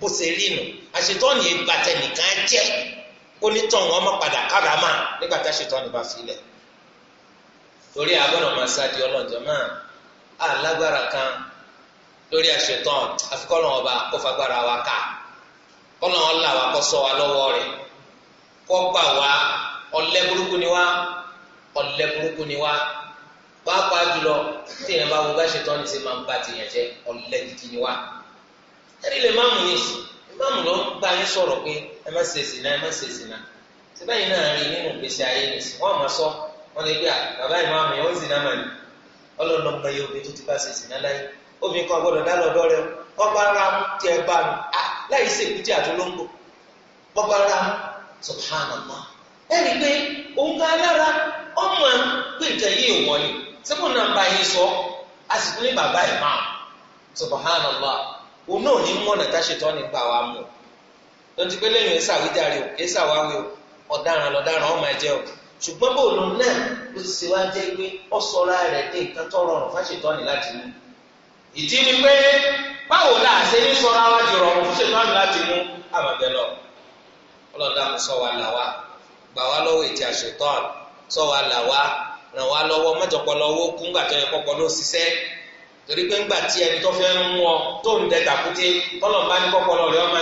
bó ṣe rí nu àṣetọ́ni ìbàtẹ nìkan jẹ́ kó nítàn wọn má padà kábàámà nígbà bá filẹ̀ torí máa kan lórí asetɔn àfikọ́nà ọba kó wa ká kọ́nà ọ̀là wa kó wa lọ́wọ́ rẹ̀ kó gbà wá burúkú ni burúkú ni jùlọ tí bá wo bá ẹ̀rí lè máàmù yìí sí máàmù ló bá yín sọ̀rọ̀ pé ẹ má ṣe zina ẹ má ṣe zina síbẹ̀ yìí náà rí nínú ìgbésí ayé mi sí wọ́n àmọ́ sọ wọ́n lè gbé à bàbá yẹn ó ọmọ yẹn obìnrin tó ti bá ṣe zina láyé obìnrin kan gbọ́dọ̀ dá lọ́dọ́ rẹ ọba ara mú bá mi à ṣe èkúté àtolóńgbò ara mú pé òun alára ọmọ òun náà ní mọ̀nà táṣetọ́ nípa wa mú tó ti pé lẹ́yìn ẹ̀sà wíjàre o ẹ̀sà wá wí o ọ̀daràn lọ̀daràn o ṣùgbọ́n bó lòun náà ó ti ṣe wá jẹ́ pé ó sọra rẹ̀ dé nǹkan tó rọrùn ni láti mú la ṣe ní di rọrùn fáṣetọ́ ni láti mú àmọ̀bẹ lọ ọlọ́dà mú sọ wa là wá gbà wá lọ́wọ́ ètí àṣetọ́ sọ wa là wá ràn wá lọ́wọ́ mọ́jọpọ̀ lọ́wọ́ kúngbà torí pé ńgbà tí ẹni tó fẹ́ mú ọ tó ń dẹ tàkúté tọ́lọ̀ bá ní kọ́kọ́lọ́ rẹ̀ ọmọ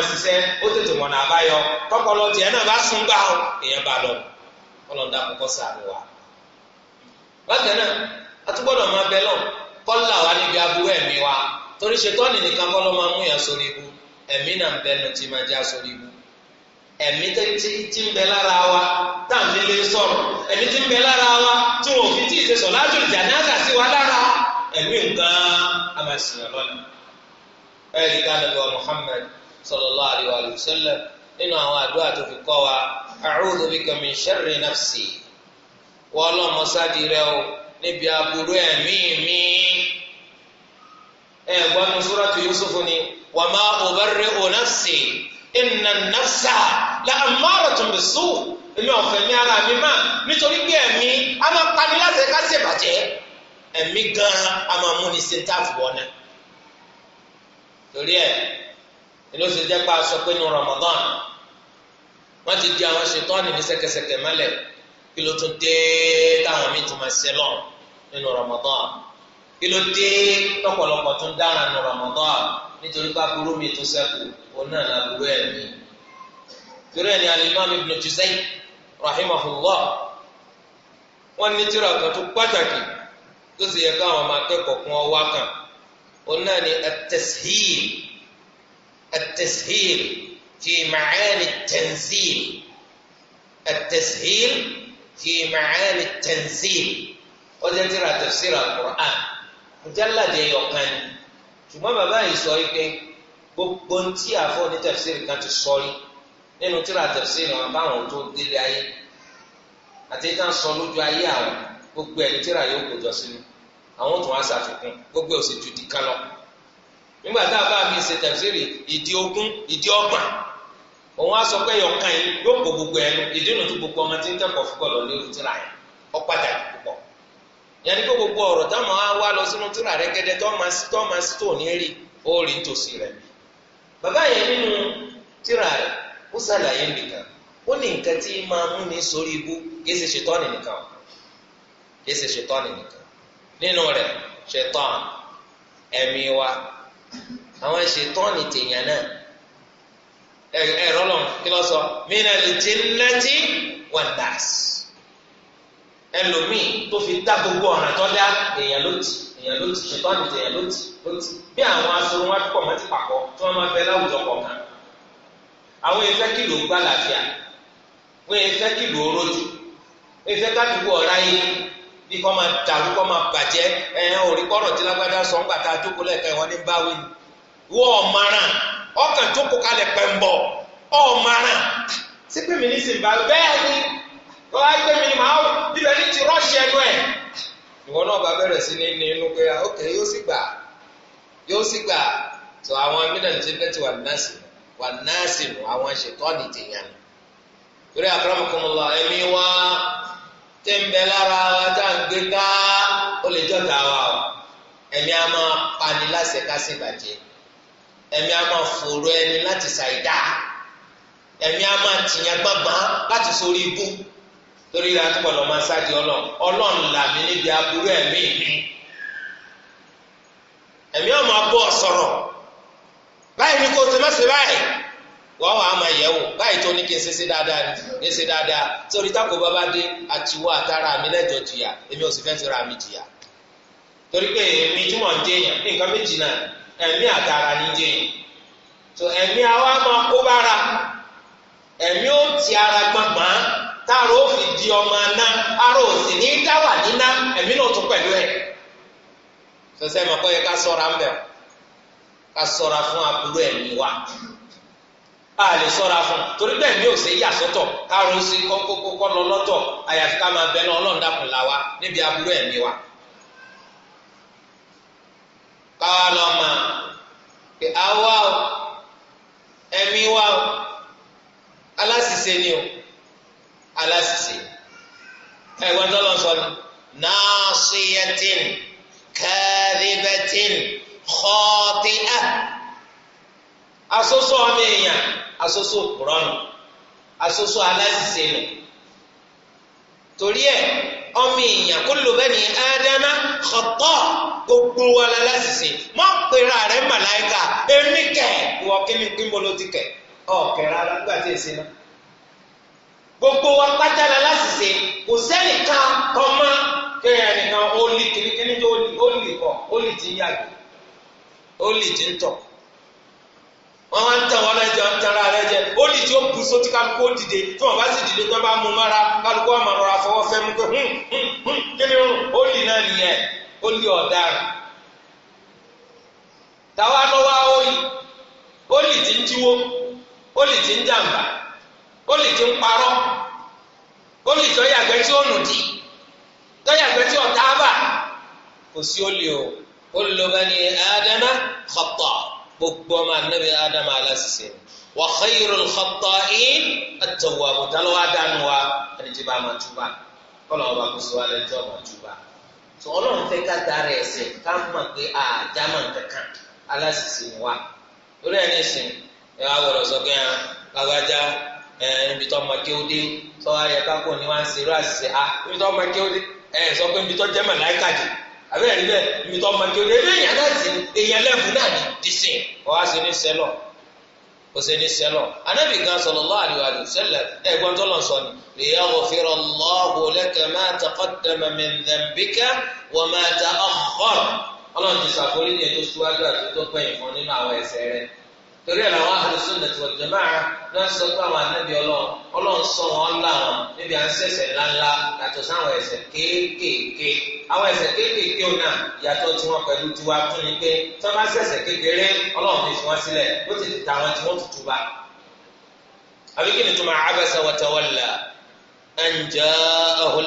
ó tètè mọ̀ náà bá yọ kọ́kọ́lọ́ tiẹ̀ náà bá gbà ọ èèyàn bá lọ kọ́lọ́ ń dàkúkọ́ sàánú wa. bákan náà a máa bẹ lọ kọ́lá wa níbi aburú ẹ̀mí wa torí nìkan ibu ẹ̀mí náà ń bẹ nu ti ibu ẹ̀mí tí ń bẹ lára wa táà ń lé sọ̀rọ̀ ẹ̀mí ń bẹ ẹ̀mí nǹkan a máa sìn ọ́ lọ́nà ẹ̀rí kánàbọ̀ Muhammad sallallahu alayhi wa sallam nínú àwọn àdúrà tó fi kọ́ wa a'udhu bika min sharri nafsi wọ́n lọ́mọ sáàdì rẹ o níbi aburú ẹ̀mí mi ẹ̀ gbọ́nu suratu Yusuf ni wa ma ubarri'u nafsi inna nafsa la'ammaratun bis-su' èmi ọ̀fẹ́ mi ara mi máa nítorí pé ẹ̀mí a máa pani láti ẹ̀ká sí ìbàjẹ́ ẹ̀mí gan a máa mú ní sentaf wọ̀ náà torí ẹ̀ ni ó sì jẹ́ pé a sọ pé nu Ramadan wọ́n ti di àwọn ṣètọ́ọ̀nì ní sẹ́kẹsẹ̀kẹ̀ mọ́lẹ̀ kí ló tún dé táwọn míì tún máa ṣe lọ nínú Ramadan kí ló dé tọ́pọ̀lọpọ̀ tún dára nínú Ramadan nítorí pé aburú mi tún ṣẹ́kù òun náà láburú ẹ̀mí torí ẹni alimami Ibn Juzay rahimahullah wọ́n ní tírà kan tó pàtàkì tó sì yẹ káwọn ọmọ akẹ́kọ̀ọ́ kún ọ wá kàn òun náà ni at-tasheel at-tasheel fi ma'ani at-tanzil at-tasheel fi ma'ani at-tanzil ó jẹ́ tíra tafsir al-Qur'an mujalladi ẹ̀yọ̀kan ni ṣùgbọ́n bàbá yìí sọ wípé gbogbo ń àfọ ní tafsir kan ti sọ nínú tíra tafsir wọn báwọn tó délé ayé àti ìtàn sọ lójú ayé àwọn. gbogbo ẹni tíra yóò kó jọ sínú àwọn tó wá ṣàfikún gbogbo ẹ̀ ò sì ju di kan lọ nígbà tá a bá mi ṣe tẹ̀síìrì ìdí ogún ọgbà òun á sọ pé yìí gbogbo ẹnu ìdí nù tó gbogbo ọmọ tí ń fúkọ̀ lọ tíra yẹn Ọ púpọ̀ gbogbo ọ̀rọ̀ táwọn á wá lọ sínú tíra rẹ tó ní rí tòsí bàbá yẹn nínú tíra kìí ṣe ṣètọ́nì nìkan nínú rẹ̀ ṣètọ́n ẹ̀mí wa àwọn ṣètọ́nì tèèyàn náà ẹ̀rọ lọ́n kí lọ́ sọ minal jinnati wan nas ẹlòmíì tó fi dá gbogbo ọ̀ràn tó dá èèyàn ló ti èèyàn ló ti ṣètọ́nì tèèyàn ló ti ló ti bí àwọn asorun wá púpọ̀ mọ́tì pàkọ́ tí wọ́n máa bẹ láwùjọ kọ̀ọ̀kan àwọn ìfẹ́ kìlò gbá wọ́n ìfẹ́ kìlò orójú ìfẹ́ kádùúgbò ọ̀rá yìí bí kọ́ máa dàrú kọ́ máa bàjẹ́ ẹ̀hán òrí kọ́rọ̀ tí lágbádá sọ ńgbà tá a jókòó lẹ́ẹ̀kan ìwọ ní báwí ni wọ́n ọ̀maràn ọkàn jókòó kalẹ̀ pẹ̀mbọ̀ ọ̀maràn sí pé mi ní sìn bá bẹ́ẹ̀ ni wọ́n á gbé mi máa bíbẹ̀ ní ti rọ́ọ̀ṣì ẹnu ẹ̀ ìwọ náà bá bẹ̀rẹ̀ sí ní ní inú pé ok yóò sì gbà yóò sì gbà tó àwọn mílíọ̀nù tí bẹ́ẹ̀ ti wà nọ́ọ̀sì wà nọ́ọ̀sì nù àwọn ṣètọ́ọ̀nì tèèyàn torí àkàràmọ̀kọ́mọ́lá tí ń bẹ lára wa tá à ń gbé ká ó lè jọ́ta wa o ẹ̀mí a máa pani láṣẹ ká sì bàjẹ́ ẹ̀mí a máa fòrò ẹni láti ṣàìdá ẹ̀mí a máa tìyàn gbọ̀ngbọ̀n láti sórí ikú torí ra tó gbọdọ̀ máa ṣáàjì ọlọ́run ọlọ́run là mí níbi aburú ẹ̀mí mi ẹ̀mí ọmọ abọ́ sọ̀rọ̀ báyìí ni kò tẹ́ mẹ́sẹ̀ báyìí. wọ́n wàá máa wò báyìí tó ní kí n ṣe ṣe dáadáa ni kí n ṣe dáadáa torí tako bàbá dé àtàrà mi lẹ́jọ́ jìyà èmi ò sì fẹ́ ti ra mi jìyà torí pé èmi tí mò ń jẹyàn ní nǹkan méjì náà ẹ̀mí àtàrà ni jẹyàn ẹ̀mí àwa ara gbàgbà. táàrà ó fi di ọmọ ara ò sì ní níná ẹ̀mí náà tún pẹ̀lú ẹ̀ kọ́ yẹ ká a lè sọ́ra fún un torí bẹ́ẹ̀ mi ò ṣe yà sọ́tọ̀ káàrún sí kọ́kókó kọ́ lọ lọ́tọ̀ àyàfi ká máa bẹnu ọlọ́run dàkùn là wa níbi aburú ẹ̀mí wa. káwa lọ mọ pé àwa o ẹ̀mí wa o aláṣìṣe ni o aláṣìṣe ẹ̀gbọ́n tó lọ sọ ni nàásìyẹtìn kẹ́ẹ́dẹ́bẹ́tìn kọ́ọ̀tì asosọ ọmọ èèyàn asọ́sọ́ òkúrọ́nù asọ́sọ́ aláṣìṣe nù torí ẹ ọmọ èèyàn kó ló bẹ́ẹ̀ ni ádámá xọ́tọ́ gbogbo wa la láṣìṣe mọ́ pera rẹ̀ màláìka èmi kẹ̀ ìwọ kíni pínbó ló ti kẹ̀ ọ̀ kẹ̀rẹ́ alágbà tí èsì náà gbogbo wa pátá la láṣìṣe kò sẹ́nìkan tọ́mọ́ kẹ́yìn ẹnìkan ó lì kíníkíní tó ó lì kọ́ ó lì tí ń ó lì tí ń tọ̀ wọ́n wá ń tàn wọ́n lẹ́jọ́ ń tan ara rẹ jẹ ó lì tí ó bu sóti kálukú ó dìde tí wọ́n bá sì dìde tí wọ́n bá mú mára kálukú ọmọ rọra fọwọ́ fẹ́ mú pé hún hún hún kí ni hún ó lì náà nìyẹn ó lì ọ̀daràn tàwa lọ́wọ́ ó lì ó lì tí ń jíwó ó lì tí ń jàǹbá ó lì tí ń parọ́ ó lì tó yàgbẹ́ tí ó nù dì tó yàgbẹ́ tí ọ̀tá bà kò sí ó lè o ó lè lọ́ba ní Adama khata gbogbo ọmọ anabi adam alasise wa khayrul khatta'in at-tawwab talo adanu wa ẹni tí bá ma tuba kọlọ ọba kò sí wa lẹ tí ọba tuba tó Ọlọ́run fẹ́ ká dára ẹsẹ ká mọ pé a jámà kankan alasise ni wa lórí ẹni sìn ẹ wá wọlọ sọgbẹ yẹn lágbájá ẹ níbi tó ma kí ó dé ah, tó ayẹ a níbi tó ma kí ó dé ẹ sọ àbẹ́rẹ́ rí bẹ́ẹ̀ ibi tó máa ń kéwòn ebe èèyàn náà ti èèyàn lẹ́fù náà ní dísìn kọ́ wá sí ní sẹ́lọ̀ kó sí ní sẹ́lọ̀ anábì gan sallallahu alaihi wa sallam ẹ̀gbọ́n tó lọ sọ ni liyaghfira Allahu laka ma taqaddama min dhanbika wa ma ta'akhkhar ní ètò síwájú àti tó pẹ̀yìn fún nínú àwọn ẹ̀ṣẹ̀ rẹ̀ torí ẹ̀ làwọn ahlu sunnah wal jamaa'ah náà sọ pé àwọn anábì ọlọ́run ọlọ́run sọ wọn ńlá wọn níbi à ń ṣẹ̀ṣẹ̀ ńláńlá yàtọ̀ sáwọn ẹ̀ṣẹ̀ kéékèèké àwọn ẹ̀ṣẹ̀ kéékèèké ò náà yàtọ̀ tí wọ́n pẹ̀lú tiwa tún ni pé tí wọ́n bá ṣẹ̀ṣẹ̀ kékeré ọlọ́run fi wọ́n sílẹ̀ ó ti ta àwọn tí wọ́n tutù bá. àbí kí ni tó máa abasa wa tawalla an ja'ahu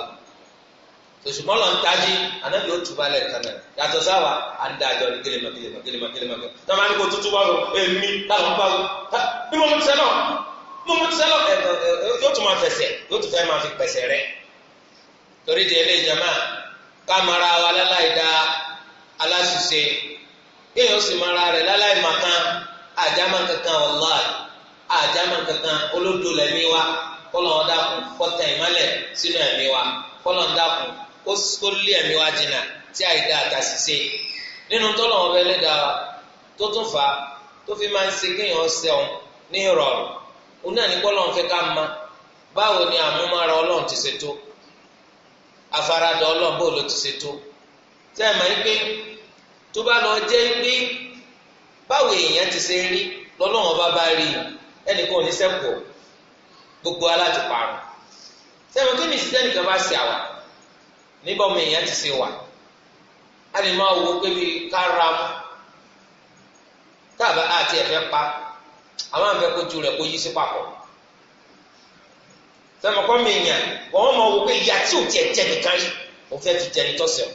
al òṣùmọ́ lọ ń tají ànábì ó túbọ̀ alẹ́ kan náà yàtọ̀ sáwà àdájọ́ ní kélemà kélemà kélemà kélemà kélemà tọ́mọ àníkó tuntun wà lọ èmi táwọn bá wọ bí mo mú sẹ́ lọ bí mo mú sẹ́ lọ yóò tún máa fẹsẹ̀ yóò tún fẹ́ máa fi pẹ̀sẹ̀ rẹ torí di ẹlẹ́yìn jama kámara wa láláì da aláṣìṣe kéèyàn sì mara rẹ láláì màkan àjàmà kankan wàláì àjàmà kankan olódò lẹ́mí wa kọ́lọ́ọ̀dà kọ́tà ìmálẹ̀ sínú ẹ̀mí wa kọ́lọ́ọ̀dà kù kó lé ẹ̀mí wa jìnnà tí àìdá àtàṣìṣe nínú tọ́lọ̀ wọn bẹ tó tún fà á tó fi máa ń ṣe kéèyàn ṣẹun ní ìrọ̀rùn òun náà ní kọ́lọ́n fẹ́ ká ma báwo ni àmúmára ọlọ́run ti ṣe tó àfaradà ọlọ́run bó ló ti ṣe tó tẹ́ ẹ̀ máa ń gbé tó bá lọ jẹ́ pé báwo èèyàn ti ṣe rí lọ́lọ́wọ́n bá bá rí ẹnìkan oníṣẹ́pọ̀ gbogbo aláàtìparun sẹ́wọ̀n kí ni ìṣiṣẹ́ nìkan bá ṣe àwà n'ebe mi ya ti ṣe wa, á lè máa wo ka bíi kára mú táàbà àti ẹ̀fẹ́ pa àwọn àfẹ́ kojú rẹ̀ kó yí sí papọ̀ sọmọkọ́ pé ìyá tí nìkan yìí ti jẹni tọ́sẹ̀ o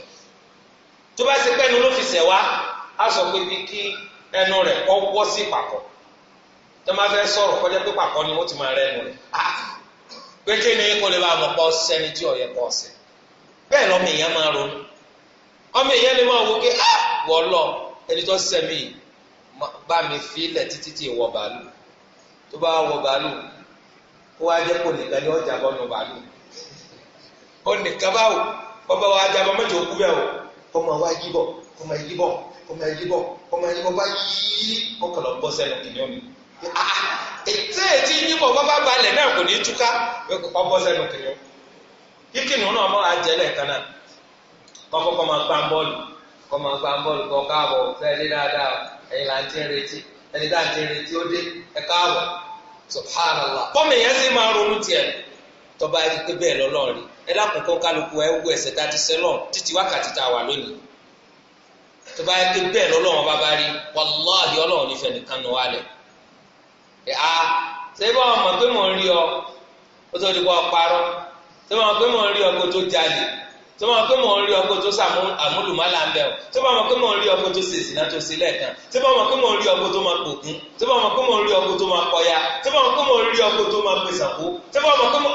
tó bá ṣe pẹ́nu ló fi wá á sọ pé bíi kí ẹnu rẹ̀ kọ́ wọ́ sí papọ̀ tó máa bẹ́ẹ̀ lọ́mọ èèyàn máa ronú ọmọ èèyàn lè máa wò pé á ah, wọ lọ ẹni tó sẹmí bá mi fi ilẹ̀ títí tí ìwọ bàálù tó bá wọ bàálù kó wá jẹ́ kó nìkan ní ọjà bọ́nu bàálù ó nìkan báwò wa ajá bọ́ mẹ́jọ òkú bẹ́ẹ̀ o kó máa wá yí bọ̀ kó máa yí bọ̀ kó máa yí bọ̀ kó máa yí bọ̀ bá yí bọ́ sẹ́nu kìnìún mi ah, yín bọ̀ kíkì náà mọ́ àjẹlẹ̀ kan náà kọ́kọ́ kọ́ máa gbá bọ́ọ̀lù kọ́ máa gbá bọ́ọ̀lù kọ́ káàbọ̀ dáadáa ẹ̀yìn ń retí ẹni ń retí ó dé ẹ káàbọ̀ subhanallah yẹn sì máa ronú tiẹ̀ tọ́ba ẹ pé bẹ́ẹ̀ ẹ lákòókò kálukú ẹ wú ẹsẹ̀ tá a ti sẹ́ lọ́n títí wákàtí tá a wà lónìí tọ́ba ẹ bẹ́ẹ̀ lọ́lọ́wọ́n bá bá rí ọlọ́run nífẹ̀ẹ́ nìkan tó bá wọn pé mò ń rí ọkọ tó jalè tó bá wọn pé mò ń rí ọkọ tó sàmú àmúlùmálà ń bẹ̀ tó bá wọn pé mò ń rí ọkọ tó sèṣì náà tó ṣe lẹ́ẹ̀kan tó bá wọn pé mò ń rí ọkọ tó máa pòkún tó bá wọn pé mò ń rí ọkọ tó máa kọyà tó bá wọn pé mò ń ọkọ tó máa pèsè àpò wọn pé mò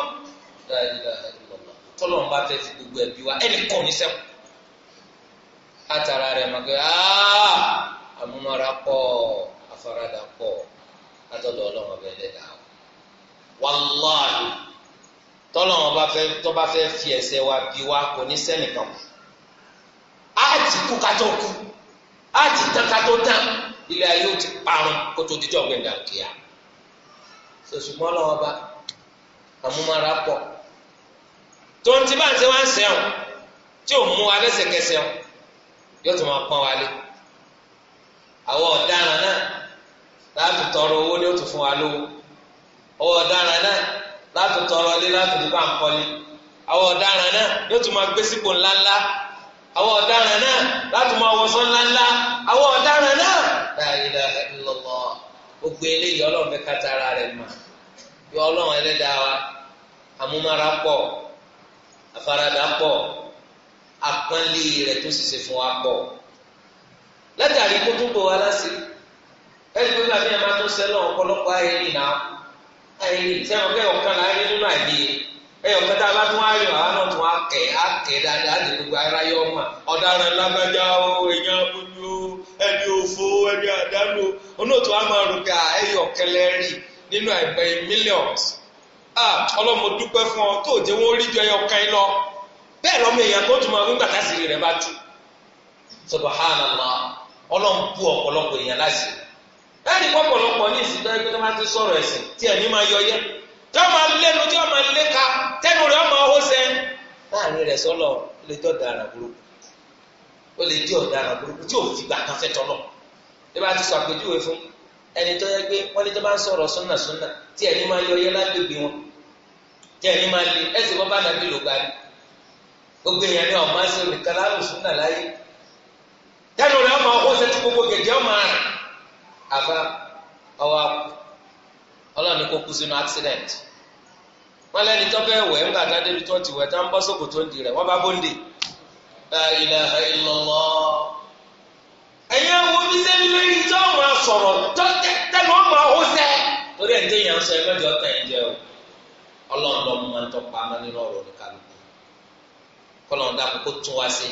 tọ́lọ̀ ń bá fẹ́ fi gbogbo ẹbí wa ẹnì kan ní sẹ́kù látara rẹ̀ mọ̀ pé àmúmọ́ra pọ̀ afárádà pọ̀ látọ̀dọ̀ ọlọ́mọbẹ̀ẹ́dẹ̀ dà wàláhì tọ́lọ́wọ́n bá fẹ́ tó bá fẹ́ fi ẹ̀ṣẹ̀ wa bí wa kò ní sẹ́nìkan kù á ti kú ká tó kú á ti tán ká tó tán ilé ayé ó ti parun kó tó dijọ́ gbẹ̀dà kíá sòṣùmọ́ lọ́wọ́ bá àmúmarà pọ̀ tó ń ti bá ń ṣe wá ń sẹ́wọ̀n tí ò mú wa lẹ́sẹ̀kẹsẹ̀ wọn yóò tún máa pọ́n wa àwọn ọ̀daràn náà láti tọrọ owó ni ó tún fún wa lówó ọ̀daràn náà. láti tọrọ lé láti dúpọ̀ àǹkọ́lé àwọn ọ̀daràn náà yóò tún máa gbé sípò ńláńlá àwọn ọ̀daràn náà láti máa wọṣọ ńláńlá àwọn ọ̀daràn náà la ilaha illallah gbogbo eléyìí ọlọ́run fẹ́ kátàrà rẹ̀ mà yọ ọlọ́run ẹlẹ́dàá wa pọ̀ àfaradà pọ̀ àpọ́nlé rẹ̀ tó sì ẹyin sẹ́wọ̀n kẹ́ ọ̀kan láyé nínú àìníye ẹyọ kẹta bá tún wá rí wàhálà náà tún wá kẹ á kẹ dáadáa á gbogbo ara yọ ọmọ ọ̀daràn lágbájá o èèyàn abúlé o ẹni òfo ẹni àdánù onóòtú wa máa kẹlẹrì nínú millions lọ èèyàn tó tún máa ń gbàtà sí bá bú ẹni pọ̀pọ̀lọpọ̀ ní ìsìnkú ẹgbẹ́ tó máa ti sọ̀rọ̀ ẹ̀sìn tí ẹ̀mí máa yọ yẹ tí wọ́n máa lẹ́nu tí wọ́n máa lé ka tẹ́nu rẹ̀ ọmọ ọwọ́ sẹ́ láàrin rẹ̀ sọ́lọ̀ ó lè jẹ́ ọ̀daràn burúkú ó lè jẹ́ ọ̀daràn burúkú tí òun fi gbà kan fẹ́ tọ́lọ̀ ẹ bá ti sọ àpèjúwe fún ẹni tó yẹ pé wọ́n ní tó bá ń sọ̀rọ̀ súnà súnà tí ẹ̀mí máa yọ yẹ lágbègbè wọn tí ẹ̀mí máa lé ẹ̀sìn bọ́ bá dàbí lò gbani gbogbo èèyàn ní ọ̀ma ṣe olùkàlà àlùsùnà láyé tẹ́nu rẹ̀ ọmọ ọwọ́ sẹ́ tí gbogbo gègé ọmọ àrùn àbá ọwọ́ ọlọ́ọ̀ni kò kú sínú accident wọ́n lẹ́ni tó bẹ́ẹ̀ wẹ̀ ńgbà dáadé bí tó ti wẹ̀ tá ń bọ́ sókò tó ń di rẹ̀ wọ́n bá bóńdè la ilaha illallah ẹ̀yin àwọn omi sẹ́ni sọ̀rọ̀ tó sẹ́ torí ẹ̀ ń ẹ̀ tẹ̀ o ọlọ́run nínú ọ̀rọ̀ ní kálukú kó tún wá sí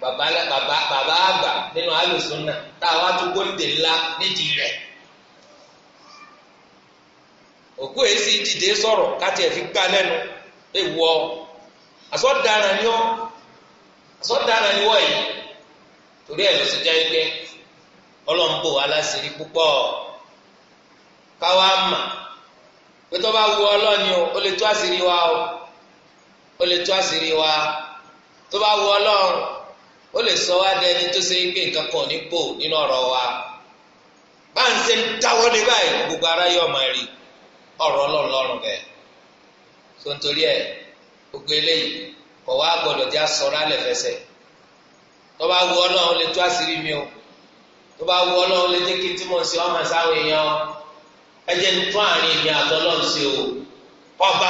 Baba, bàbá bàbá àgbà nínú alùsùnà tá a wá tún góńdè ńlá nídìí rẹ̀ òkú èsì dìde sọ̀rọ̀ káti ẹ̀ fi gbá lẹ́nu ewọ́ asọ́daràn ni ọ́ asọ́daràn ni wọ́ yìí torí ẹ̀ ló ti já ike ọlọ́mbò aláṣírí púpọ̀ káwa mà pé tó bá wu ọlọ́ni o ó lè tú àṣírí wa o ó lè tú àṣírí wa tó bá wu ọlọ́run ó lè sọ wá dẹni tó ṣe nke nǹkan kan nínú ọrọ wa bá ń ṣe ń dáwọ́ báyìí gbogbo ara yóò ọ̀rọ̀ ọlọ́run lọ́rùn bẹ́ẹ̀ ẹ̀ gbogbo eléyìí kọ̀ wá gbọ́dọ̀ já fẹsẹ̀ tó mi o tó bá wu ọlọ́run lè jẹ́ tí mo ń ṣe ọmọ sáwọn èèyàn ẹ jẹ́ àárín mi àtọ́lọ́run ṣe o ọba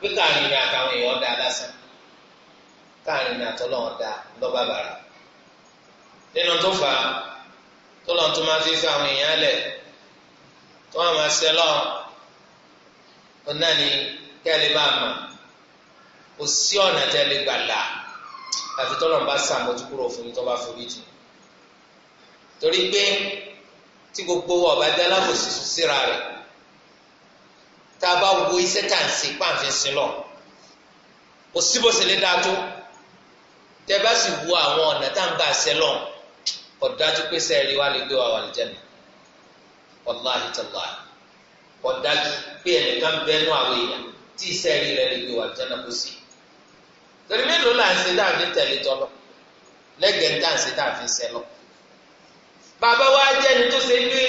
pé káàrin àtàwọn káàrin ní àtọ́lọ́wọ́n da lọ́ba bàrà nínú tó fà á tọ́lọ́n tó máa fi fi àwọn èèyàn lẹ̀ tó wọ́n máa ṣe lọ́ọ̀ òun náà ni kẹ́lẹ́ bá mọ̀ kò sí ọ̀nà tẹ́lẹ̀ gbà là àfi tọ́lọ́n bá sàmójú kúrò fún mi tó bá forí jù torí pé tí gbogbo wa ọba dé alábòsí síra rẹ̀ tá a bá wo iṣẹ́ tá à ń kò síbòsílẹ̀ dáa tó tẹ́ bá sì wo àwọn ọ̀nà tá à ń gbà sẹ́lọ̀ kò dájú pé sẹ́ẹ̀rì wa lè gbé wa wà lè jẹ́nu wàláhi tàlá kò dájú pé ẹnìkan bẹ́ẹ̀ nú àwọn èèyàn tí sẹ́ẹ̀rì rẹ̀ lè gbé wa jẹ́nu kó sí. torí mélòó là ń ṣe tá à ń fi tẹ̀lé tọ́lọ́ lẹ́gẹ̀ẹ́ tá à ń ṣe tá à ń fi bàbá wa jẹ́ ẹni tó ṣe pé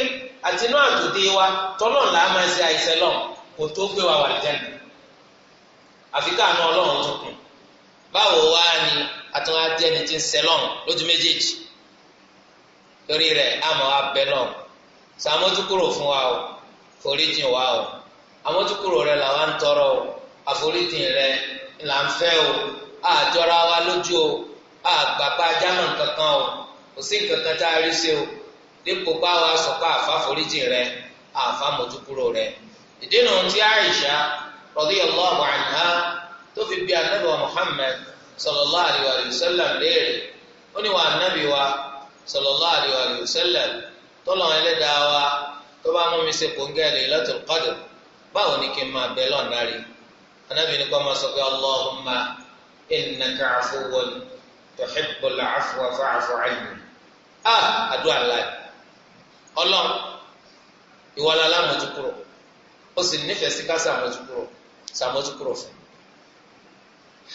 àtinú àtòdé wa tọ́lọ̀ là á máa ṣe àìsẹ́lọ̀ kò tó gbé wa wà lè jẹ́nu àfikà àtúnwá díẹ̀ ní ti ń sẹlọ̀n lójú méjèèjì torí rẹ̀ àmọ́ abẹ́lọ̀n sàmójúkúrò fún wa o foríjìn wa o àmójúkúrò rẹ̀ làwa ń tọrọ o àforíjìn rẹ̀ là ń fẹ́ o àjọra wa lójú o àgbàpá jámọ̀ kankan o kò sí nǹkan kan tá a rí sí o dípò bá wa sọ àfa foríjìn rẹ̀ àfa mójúkúrò rẹ̀ ìdí nu ti Aisha radiyallahu anha tó fi bí anábọ̀ Muhammad sallallahu alayhi wa sallam léèrè ó ní wa ànábì wa sallallahu alayhi wa sallam tọ́lọ̀ ẹlẹ́dàá wa tó bá mú mi ṣe kóńgẹ́ Lailatul Qadr báwo ni kí n máa bẹ lọ́nà rí ànábì ní kó máa sọ pé Allahumma innaka afuwwun tuhibbul afwa fa'fu anni a àdúrà láì ọlọ́run ìwọlọ́lá mọ̀tòkúrò ó sì nífẹ̀ẹ́ sí ká sàmọ̀tòkúrò sàmọ̀tòkúrò fún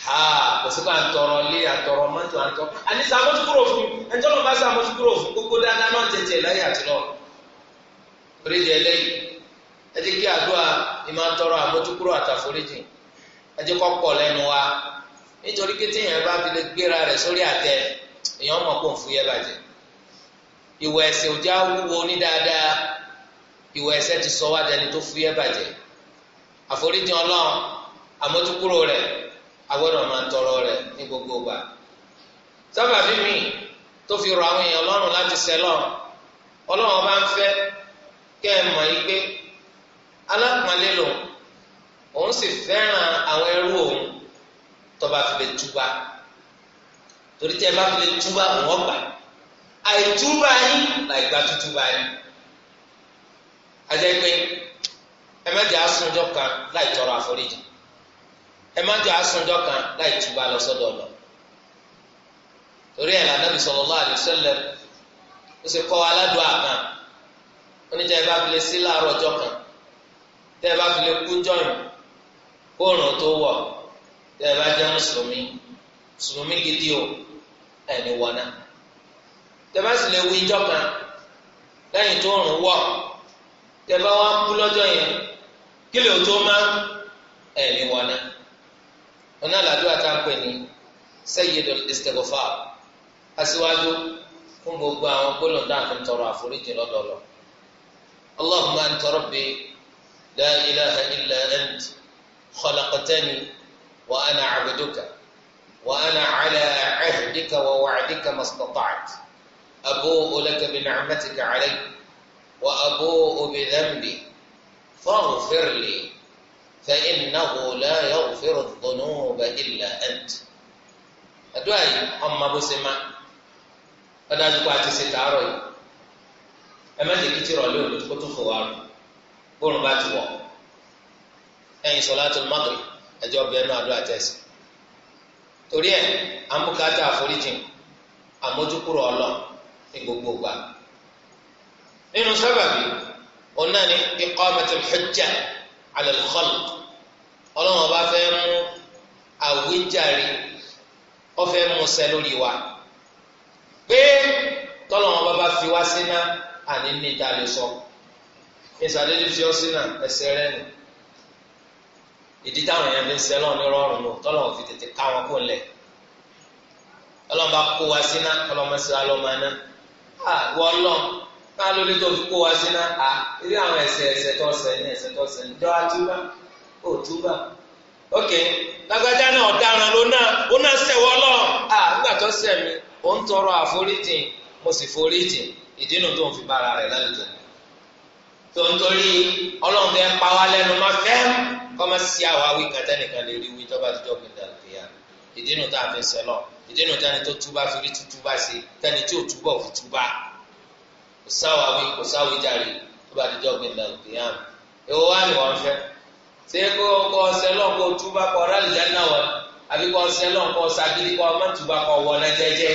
ha ah, kò sí atọrọ à ń tọrọ ilé àtọrọ mọ́tò à ń tọrọ fún fún gbogbo dáadáa náà tètè lẹ́yìn àti lọ. oríṣi ẹlẹ́yìn ẹ kí àdúrà ni máa ń tọrọ àmójúkúrò àtàforíjì ẹ jẹ́ wa nítorí bá fi lè gbéra sórí àtẹ èèyàn kó òjá wúwo ní dáadáa ti sọ wá tó àforíjì agbọ́dọ̀ máa tọrọ rẹ̀ ní gbogbo gbà sábàbí mi tó fi rọ àwọn èèyàn lọ́rùn láti sẹ́lọ̀ ọlọ́run bá ń fẹ́ kẹ́ ẹ mọ̀ yìí pé alápọ̀nlé lò òun sì tuba àwọn ẹrú òun tó fi lè túbà torí tí ẹ bá fi lè òun ẹ má jọ asunjọ kan láì túbà lọ sọ́dọ̀ ọlọ torí ẹ la Nabi sallallahu alaihi wasallam ó sì kọ́ aládùn àkàn oníjà ẹ bá fi lè sí láàárọ̀ ọjọ́ kan tẹ ẹ bá fi lè kú jọyìn kóòrùn tó wọ̀ tẹ ẹ bá jẹ́ mùsùlùmí mùsùlùmí gidi o ẹni wọ̀nà tẹ bá sì lè wí jọ kan lẹ́yìn tó rùn wọ̀ tẹ bá wá kú lọ́jọ́ yẹn kí lè tó má ẹni wọ̀nà ọ̀nà àlàdúrà tá a pè ní sayyidul istighfar aṣíwájú fún gbogbo àwọn gbólóhùn tá a fi ń tọrọ àforíjì lọ́dọọlọ. allahumma anta rabbi la ilaha illa ant khalaqtani wa ana abduka wa ana ala ahdika wa wa'dika mastata'at abu'u laka bi ni'matika alayya wa abu'u bi dhanbi faghfir li. فإنه لا يغفر الذنوب إلا أنت àdúà yìí ọmọ bó ṣe má ọdájú kó a ti ṣe tààrọ yìí ẹ má jẹ́ kí tí rọlẹ òní kó tún fò wá rò bóun bá ti wọ ẹ̀yìn sọlátul Maghrib ẹjọ bẹ ẹnu àdúà àtẹsí torí ẹ àmúkátà àforíjìn àmójúkúrò ọlọ ní gbogbo gbà nínú sábàbí ọ̀nà ni iqamatul hujjah alẹ́ lọ́kọ́lù ọlọ́run ọba fẹ́ mú àwíjàre ọfẹ́ musẹ́ lórí wa pé tọ́lọ́run ọba bá fi wá sínú àní ní ìta lè sọ ìsàlẹ̀ fi ọ sínú ẹsẹ̀ rẹ̀ nù ìdí táwọn èèyàn fi ń sẹ́lọ̀ ní rọrùn nù tọ́lọ́run fi tètè ká wọn kó lẹ̀ ọlọ́run bá kó wa sínú ọlọ́run mẹ́sàlá lọ́mọ náà wọ́n ká lórí tó fi kó wa sí náà à ilé àwọn ẹsẹ̀ ẹsẹ̀ tó ṣẹ̀ ní ẹsẹ̀ tó ṣẹ̀ ní jọ àtúbà ó túbà ok lágbájá náà ọ̀daràn ló náà ó náà ṣẹ̀wọ́ lọ à nígbà tó ṣẹ̀ mi ó ń tọrọ àforíjì mo sì foríjì ìdínú tó ń fi bára rẹ̀ lálejò tó ń torí ọlọ́run fẹ́ pa wá lẹ́nu má fẹ́ kọ́ má sí àwa wí kàtá nìkan lè rí wí tó bá ti jọ́ gbẹ̀dà lùkìyà ìdínú tá a fi ṣẹlọ tó túbá fi rí túbá sí tani kò sáwàwí kò sáwìjàre tó bá dijọ́ gbé ní àlùkìyàm èwo wá ni wọ́n fẹ́ ṣé kó kó ọsẹ lọ́n kó túbà kọ ọ̀rá lìjà náà wọ̀ àbí kó ọsẹ lọ́n kó sagídí kó ọmọ túbà kọ wọ̀ náà jẹ́jẹ́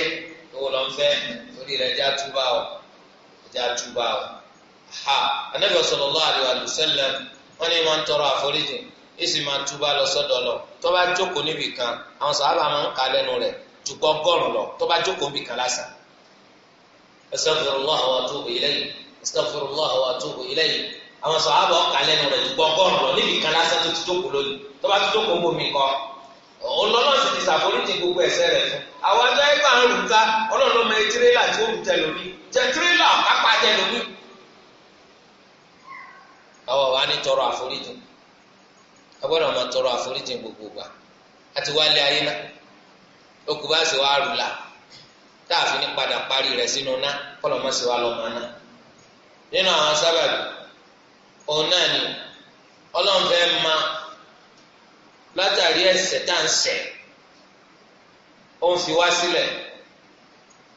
èwo lọ́n fẹ́ torí rẹ̀ já túbà ọ̀ já túbà ọ̀ ha anabi sallallahu alaihi wasallam wọ́n ní máa ń tọrọ àforíjì èsì máa túbà lọ sọ́dọ̀ lọ tó bá jókòó níbì kan àwọn sàhábà máa ń kà lẹ́nu rẹ̀ lọ tó jókòó níbì kan lásán استغفر الله واتوب اليه استغفر الله واتوب اليه àwọn sọ̀hábà ọ̀kà lẹ́nu rẹ̀ gbọ́ نبي lọ níbi kan lásán tó ti jókòó lónìí tó bá ti jókòó bomi kọ́ ọlọ́run sì ti ṣàforíjì gbogbo ẹ̀ṣẹ̀ rẹ̀ fún àwọn ẹjọ́ ẹgbẹ́ àwọn olùka ọlọ́run ọmọ tirẹ́là tí ó lù tẹ lómi jẹ tirẹ́là ọ̀kápá jẹ lómi. àwọn wa ní tọrọ àforíjì a máa tọrọ àforíjì gbogbo gbà àti wálé ayé náà okùn sì wá rù la táàfin ní padà parí rẹ̀ sínú ná kọ́lọ̀ mọ́ sí wa lọ́mọ ná nínú àwọn sábàbí òun náà ni ọlọ́run fẹ́ ma látàrí ẹ̀ṣẹ̀ tá à ń ṣẹ̀ ó ń fi wá sílẹ̀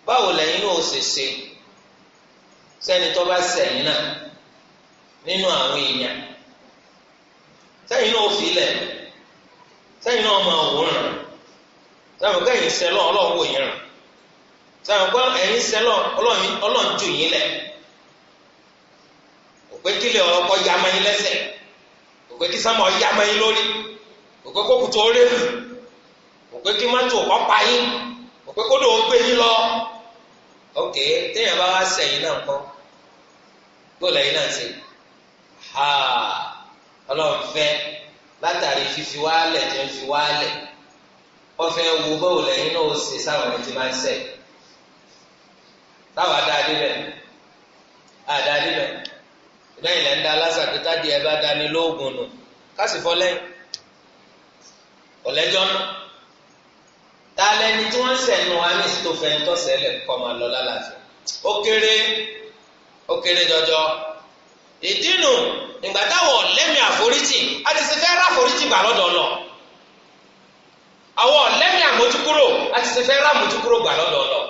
báwo lẹ́yìn náà ó ṣe ṣe sẹ́ni tó bá ṣẹ̀yìn náà nínú àwọn èèyàn sẹ́yìn náà ó fi lẹ̀ sẹ́yìn náà máa wòran sẹ́yìn náà kẹ́yìn sẹ́lọ̀ ọlọ́run wò yẹn rìn. sáwọn ẹ̀yin sẹ́lọ̀ ọlọ́run yín lẹ̀ òpè ọkọ̀ ya ma yín lẹ́sẹ̀ kí ya ma yín lórí òpè kó kùtù ó mọ́tò ọkọ̀ yín òpè kó lòó yín lọ ok téèyàn bá wá sẹ́yìn náà kọ́ gbọ́dọ̀ yín náà ṣe ha látàrí fífi wálẹ̀ wálẹ̀ wo bọ́ọ̀lù ẹ̀yin náà ó ṣe sáwọn tí máa ń táwa dá a débẹ̀ a dá a débẹ̀ lẹ́yìn lẹ́yìn dá aláṣà tó tá díẹ̀ bá dání lóògùn nù kásì fọ́ lẹ́yìn ọ̀lẹ́jọ́ nù tá a lẹ́ni tí wọ́n ń sẹ̀nu anis tó fẹ́ ń tọ́sẹ̀ lẹ̀ kọ́ máa lọ lálàáfíà ó kéré ó kéré jọjọ ìdínú ìgbà táwọn lẹ́mìí a ti ṣe fẹ́ rà àforítì gbà lọ́dọ̀ lọ àwọn lẹ́mìí àmójúkúrò a ti ṣe fẹ́ rà àmójúkúrò gbà lọ́dọ̀ lọ.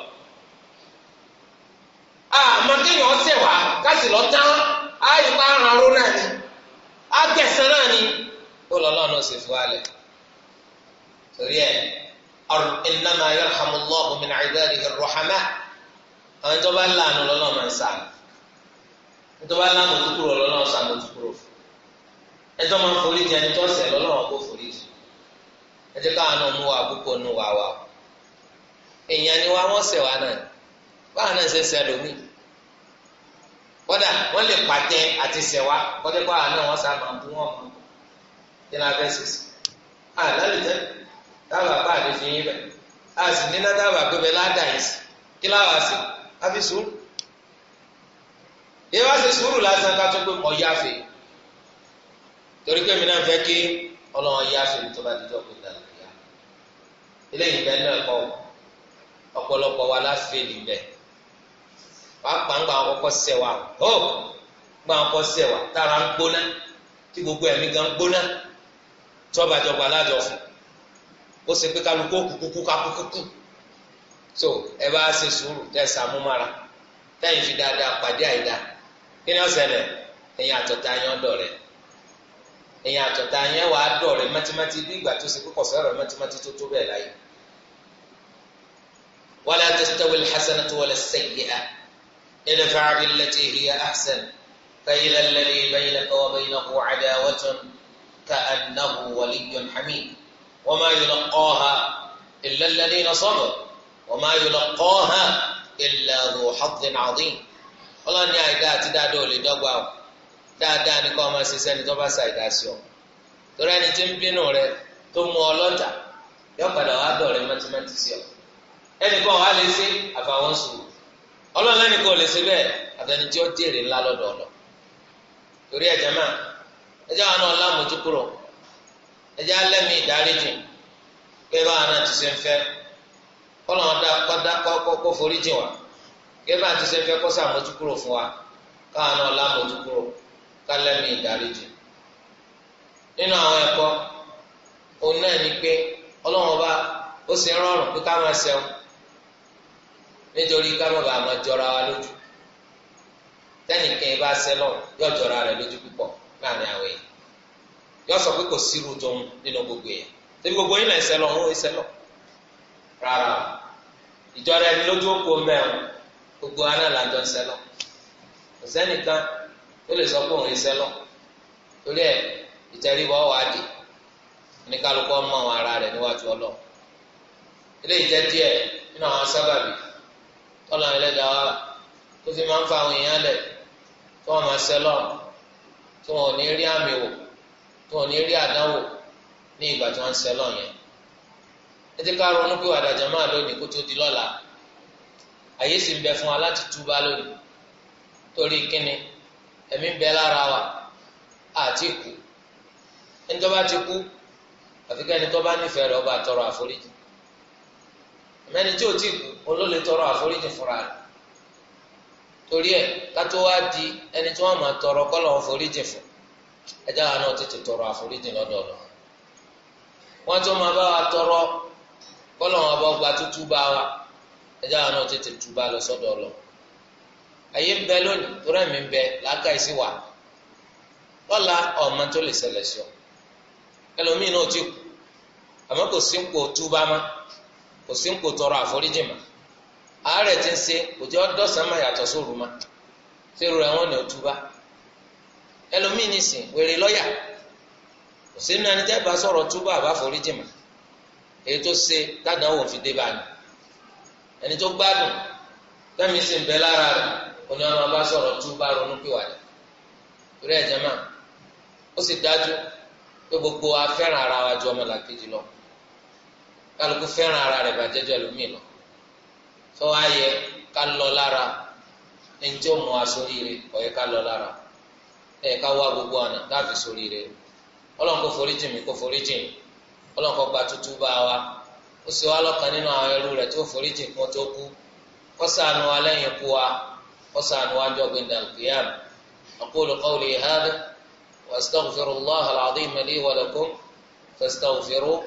a ah, kéèyàn ọ̀sẹ̀ wá kásì lọ tán á yí pa ara ró náà ni á gbẹ̀sán torí àwọn tó bá máa ń tó bá máa ń forí jẹ ẹni tó ń sẹ̀ lọ́nà forí jù ẹ káwọn náà mú wa nù wá wa èèyàn ni wá wọ́n sẹ̀ náà báwọn kódà wọ́n lè pàtẹ àti sẹ̀wá kọ́dé kó àná wọn sábà ń bú wọn mọ́ kí ni a fẹ́ sè sí. a lálẹ́ tẹ́ dábàá bá àdé fi yín bẹ̀ a sì ní ná dábàá pé bẹ́ẹ̀ ládà yìí sí kí láwa sí a fi sùúrù. yẹ wá ṣe sùúrù lásán ká tó pé mọ̀ yá fè torí pé mi náà fẹ́ kí ọlọ́run yá fèrè tó bá dídọ́ pé dàlùkìyà eléyìí bẹ́ẹ̀ náà kọ́ ọ̀pọ̀lọpọ̀ wa láfẹ́ níbẹ̀ pàápàá ń gba àwọn kọ́kọ́ wa ó gba àwọn kọ́kọ́ wa tára ń gbóná tí gbogbo ẹ̀mí gan gbóná tọ́bàjọba alájọ fún ó ṣe pé kálukú kúkú kákúkú so ẹ bá ṣe sùúrù tẹ sàmúmára tẹ̀yìn fi dáadáa pàdé àìdá kí ni ó ṣẹlẹ̀ ẹ̀yin àtọ̀tá yẹn ọ̀dọ̀ rẹ̀ ẹ̀yin àtọ̀tá yẹn wàá dọ̀ rẹ̀ mẹ́tímẹ́tí bí ìgbà tó ṣe pé kọ̀sẹ́ mẹ́tímẹ́tí tó tó bẹ́ẹ̀ láyé wala tastawi alhasanatu wala sayyi'ah ادفع بالتي هي أحسن فإذا الذي بينك وبينه عداوة كأنه ولي حميد وما يلقاها إلا الذين صبروا وما يلقاها إلا ذو حظ عظيم ọlọ́run ní àìdá àti dáadọ́ lè dọ́gba o dáadáa ní kó ọmọ ṣiṣẹ́ ní tó bá ṣàìdá sí ọ torí ẹni tí ń bínú rẹ tó mú ọ lọ́jà yọ padà wàá dọ̀ rẹ mọ́tímọ́tí sí ọ ẹnì kan wàá lè ṣe àfàwọn sùúrù ọlọ́run lẹ́nu kò lè ṣe bẹ́ẹ̀ àtẹni tí ó jèrè ńlá lọ́dọ̀ ọ̀lọ́ torí ẹ̀jẹ̀ máa ẹjẹ́ wa náà lámòjú kúrò ẹjẹ́ alẹ́mi ìdáríjì pé báwa ti ṣe ń fẹ́ kọ́lọ́n dá kó foríjì wa ti ṣe ń fẹ́ kó sàmójú kúrò fún wa náà lámòjú kúrò kálẹ́mi nínú àwọn ẹ̀kọ́ nítorí ká má máa jọra wa lójú tẹnìkan bá sẹlọ yóò jọra rẹ lójú púpọ̀ láàrin àwọn yóò sọ pé kò sírù tó ń nínú gbogbo èèyàn tẹbi gbogbo náà sẹlọ ń sẹlọ rárá ìjọra ẹni lójú òkú mẹ́rin gbogbo aná là ń jọ sẹlọ ó lè sọ pé òun sẹlọ torí ẹ ìtẹríba adì ara rẹ níwájú ọlọ ilé ìjẹ tọ́lá ẹlẹ́dàá wa tó fi máa ń fa àwọn èèyàn lẹ̀ tó wọn máa sẹ́lọ̀ tó wọn ò ní rí àmì wò tó wọn ò ní rí àdánwò ní ìgbà tó wọn ń sẹ́lọ̀ yẹn ẹ ti ká ronú pé wàdàjà máa lónìí kó tó di lọ́la àyè sì ń bẹ fún wa láti túbá lónìí torí kíni ẹ̀mí bẹ lára wa àti kú ẹni tó bá ti kú àfi tó bá nífẹ̀ẹ́ rẹ̀ ọba àtọrọ àforíjì mẹ́ni tí ò tí kú olólè tọrọ àforíjì fúnra rẹ̀ torí ẹ̀ kátó wá di ẹni tí wọ́n máa tọrọ kọ́lọ̀ àforíjì fún ẹjẹ́ wa náà tètè tọrọ àforíjì lọ́dọọdọ wọ́n tún máa bá wa tọrọ kọ́lọ̀ wọn bá gba tútú bá wa ẹjẹ́ wa náà tètè túbà lọ sọ́dọ̀ lọ ayé ń bẹ lónìí torí ẹ̀mí ń bẹ làákàyè sí wa lọ́la ọ̀mọ tó lè ṣẹlẹ̀ sí ẹlòmíín náà ti kú àmọ́ kò sí ń pò túbà má kò sí ń pò tọrọ àforíjì má àárẹ̀ ti ń se òjò ọdọ́sán máa yàtọ̀ sóru ma ṣerú rẹ̀ wọ́n ní òtúbá ẹlòmíì nìsín wèrè lọ́yà kò sínú bá sọ̀rọ̀ túbọ̀ àbáforíjì èyí tó ṣe tádàáwò fi dé báyìí ẹni tó gbádùn tẹ́mi sì ń bẹ lára rẹ̀ òní ọmọ bá sọ̀rọ̀ túbọ̀ ronú ẹ̀jẹ̀ máa ó sì dájú pé gbogbo afẹ́ràn ara wa ju ọmọlàkejì lọ ara rẹ̀ bàjẹ́ ju sọ wá yẹ ká lọ lára ẹni tí ó mú wa sórí rẹ kò yẹ ká lọ lára ẹ ká wá gbogbo ọ̀nà láàfin sórí rẹ ọlọ́run kò forí jìn mí kò forí jìn ọlọ́run kò gba tútú bá wa ó sì wá lọ́kàn nínú àwọn ẹrú rẹ tí ó forí jìn tó kú kó ṣàánú wa lẹ́yìn kú wa kó ṣàánú wa jọ gbẹndàn kìíyàn aqulu qawli hadha wa astaghfirullah al-azim li wa lakum fastaghfiruhu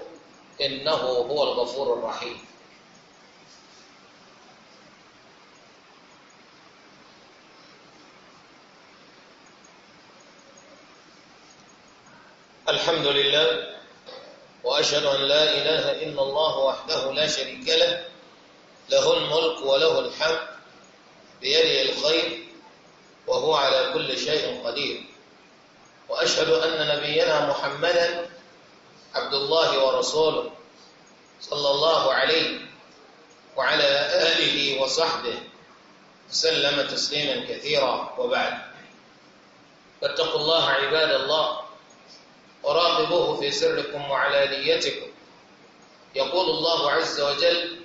الحمد لله وأشهد أن لا إله إلا الله وحده لا شريك له له الملك وله الحمد بيده الخير وهو على كل شيء قدير وأشهد أن نبينا محمدا عبد الله ورسوله صلى الله عليه وعلى آله وصحبه سلم تسليما كثيرا وبعد فاتقوا الله عباد الله وراقبوه في سركم وعلانيتكم يقول الله عز وجل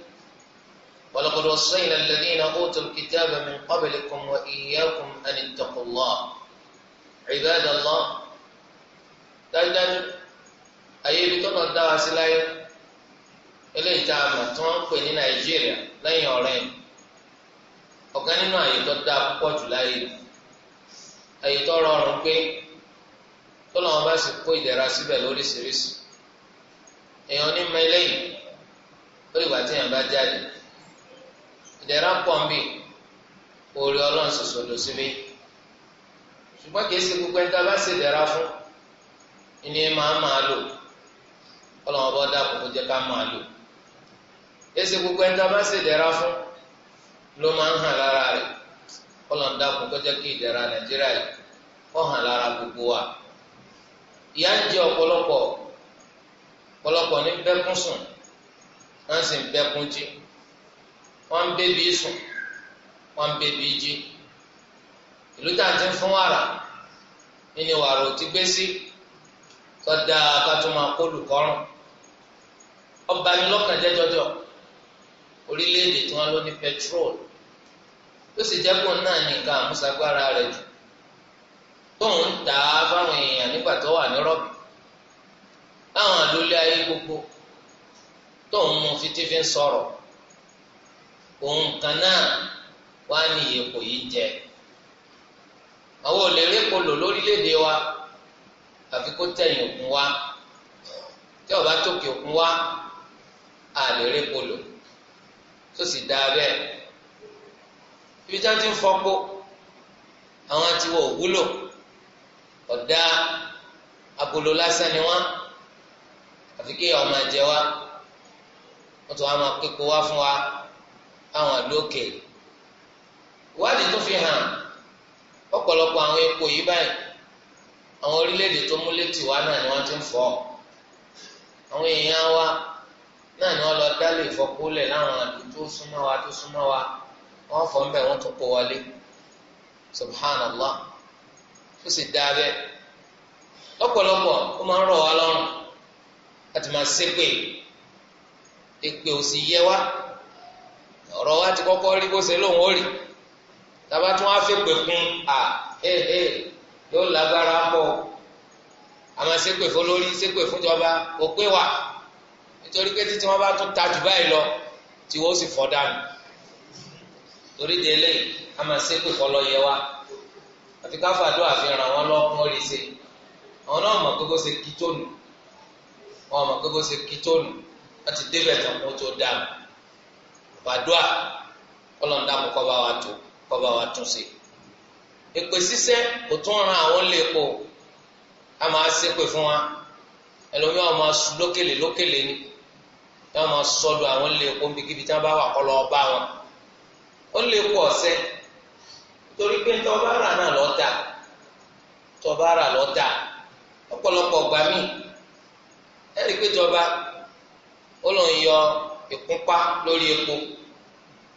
ولقد وصينا الذين أوتوا الكتاب من قبلكم وإياكم أن اتقوا الله عباد الله دايداي أي بتوقع دعوة سلاي eléyìí tá a نيجيريا tí يعلم. ń pè ní nàìjíríà lẹ́yìn ọ̀rẹ́ yìí ọ̀kan tó lọ́wọ́ bá sì kó ìdẹ̀ra síbẹ̀ lóríṣiríṣi èèyàn ní mọ eléyìí ó lè wà tí èèyàn bá jáde ìdẹ̀ra pọ̀ ń bì orí ọlọ́run ṣoṣo lò síbí ṣùgbọ́n kìí ṣe gbogbo ẹni bá ṣe ìdẹ̀ra fún ìní máa máa lò bá kókó jẹ́ ká máa lò gbogbo gbogbo wa. ìyá ń jẹ ọ̀pọ̀lọpọ̀ ọ̀pọ̀lọpọ̀ ní bẹ́kún sùn wọ́n sì ń bẹ́kún jí wọ́n ń sùn wọ́n ń bébí jí ìlú tá a ti fún wàrà nínú wàrà ò ti gbé sí akátúmọ̀ akólùkọ́rùn ọba ni lọ́kàn jọjọ orílẹ̀-èdè tí wọ́n ní petrol ó sì jẹ́ kó náà nìkan àmúṣagbára rẹ̀ jù tóun fáwọn èèyàn. nígbà tó wà ní rọ́bì láwọn àlólé ayé gbogbo tó ń mú fití fi ń sọ̀rọ̀ òun kan náà wá ní iyèpò yìí jẹ àwọn ò lè rí lórílẹ̀‐èdè wa àfi kó tẹ̀yìn òkun wá tí ọba tókè òkun wá a lè rí polo tó sì dá abẹ́ ibi tí wọ́n ti ń fọ́pọ̀ àwọn àtiwọ́ òwúlò ọ̀dá. agolo lásán ni wọn àfi kí ọmọ ẹjẹ wa wọn tún wá máa kéko wá fún wa àwọn lókè ìwádìí tó fi hàn ọ̀pọ̀lọpọ̀ àwọn epo yìí báyìí àwọn tiwa náà ni wọ́n ti ń fọ́ àwọn èèyàn wa náà ni wọ́n lọ dálé ìfọkúlẹ̀ láwọn àdúgbò tó wa tó wa ń kó wọlé subhanallah ó sì dá lọ́pọ̀lọpọ̀ ó máa ń rọ̀ wá lọ́rùn láti máa ṣépè èpè ò sì yẹ wá ọ̀rọ̀ wa ti kọ́kọ́ rí bó ṣe lóun ó rì tàbá tí wọ́n á fèpè kún à ee ee yóò lágbára pọ̀ àmọ́ ṣépè fún lórí ṣépè fún ìjọba kò pé wà nítorí pé títí wọ́n bá tún ta jù báyìí lọ tí wọ́n sì fọ́ dànù torí délé àmọ́ ṣépè fọlọ́ yẹ wá àfi káfàdó àfihàn wọn lọ́kùn ó rí ṣe àwọn náà mọ̀ gbogbo ṣe kí tónù wọn mọ̀ gbogbo ṣe kí tónù láti débẹ̀ tán kó tó dáa bàdúà ọlọ́ọ̀dà mú kọ́ bá wa tó kọ́ bá wa tún ṣe èpè sísẹ́ kò tún ran àwọn lè pò a máa ṣépè fún wa ẹlòmíì wọn máa sùn lókèlè lókèlè ni wọn máa sọdọ àwọn lè pò níbikíbi tí wọn bá wà kọ́ lọ́ọ́ bá wọn ó lè pò ọ̀sẹ́ torí pé tọ́ bá rà náà lọ́ọ́ dà tọ́ bá rà lọ́ọ́ dà. ọpọlọpọ ọgbà míì ẹrí péjọba ó lọ yọ ìkúnpá lórí epo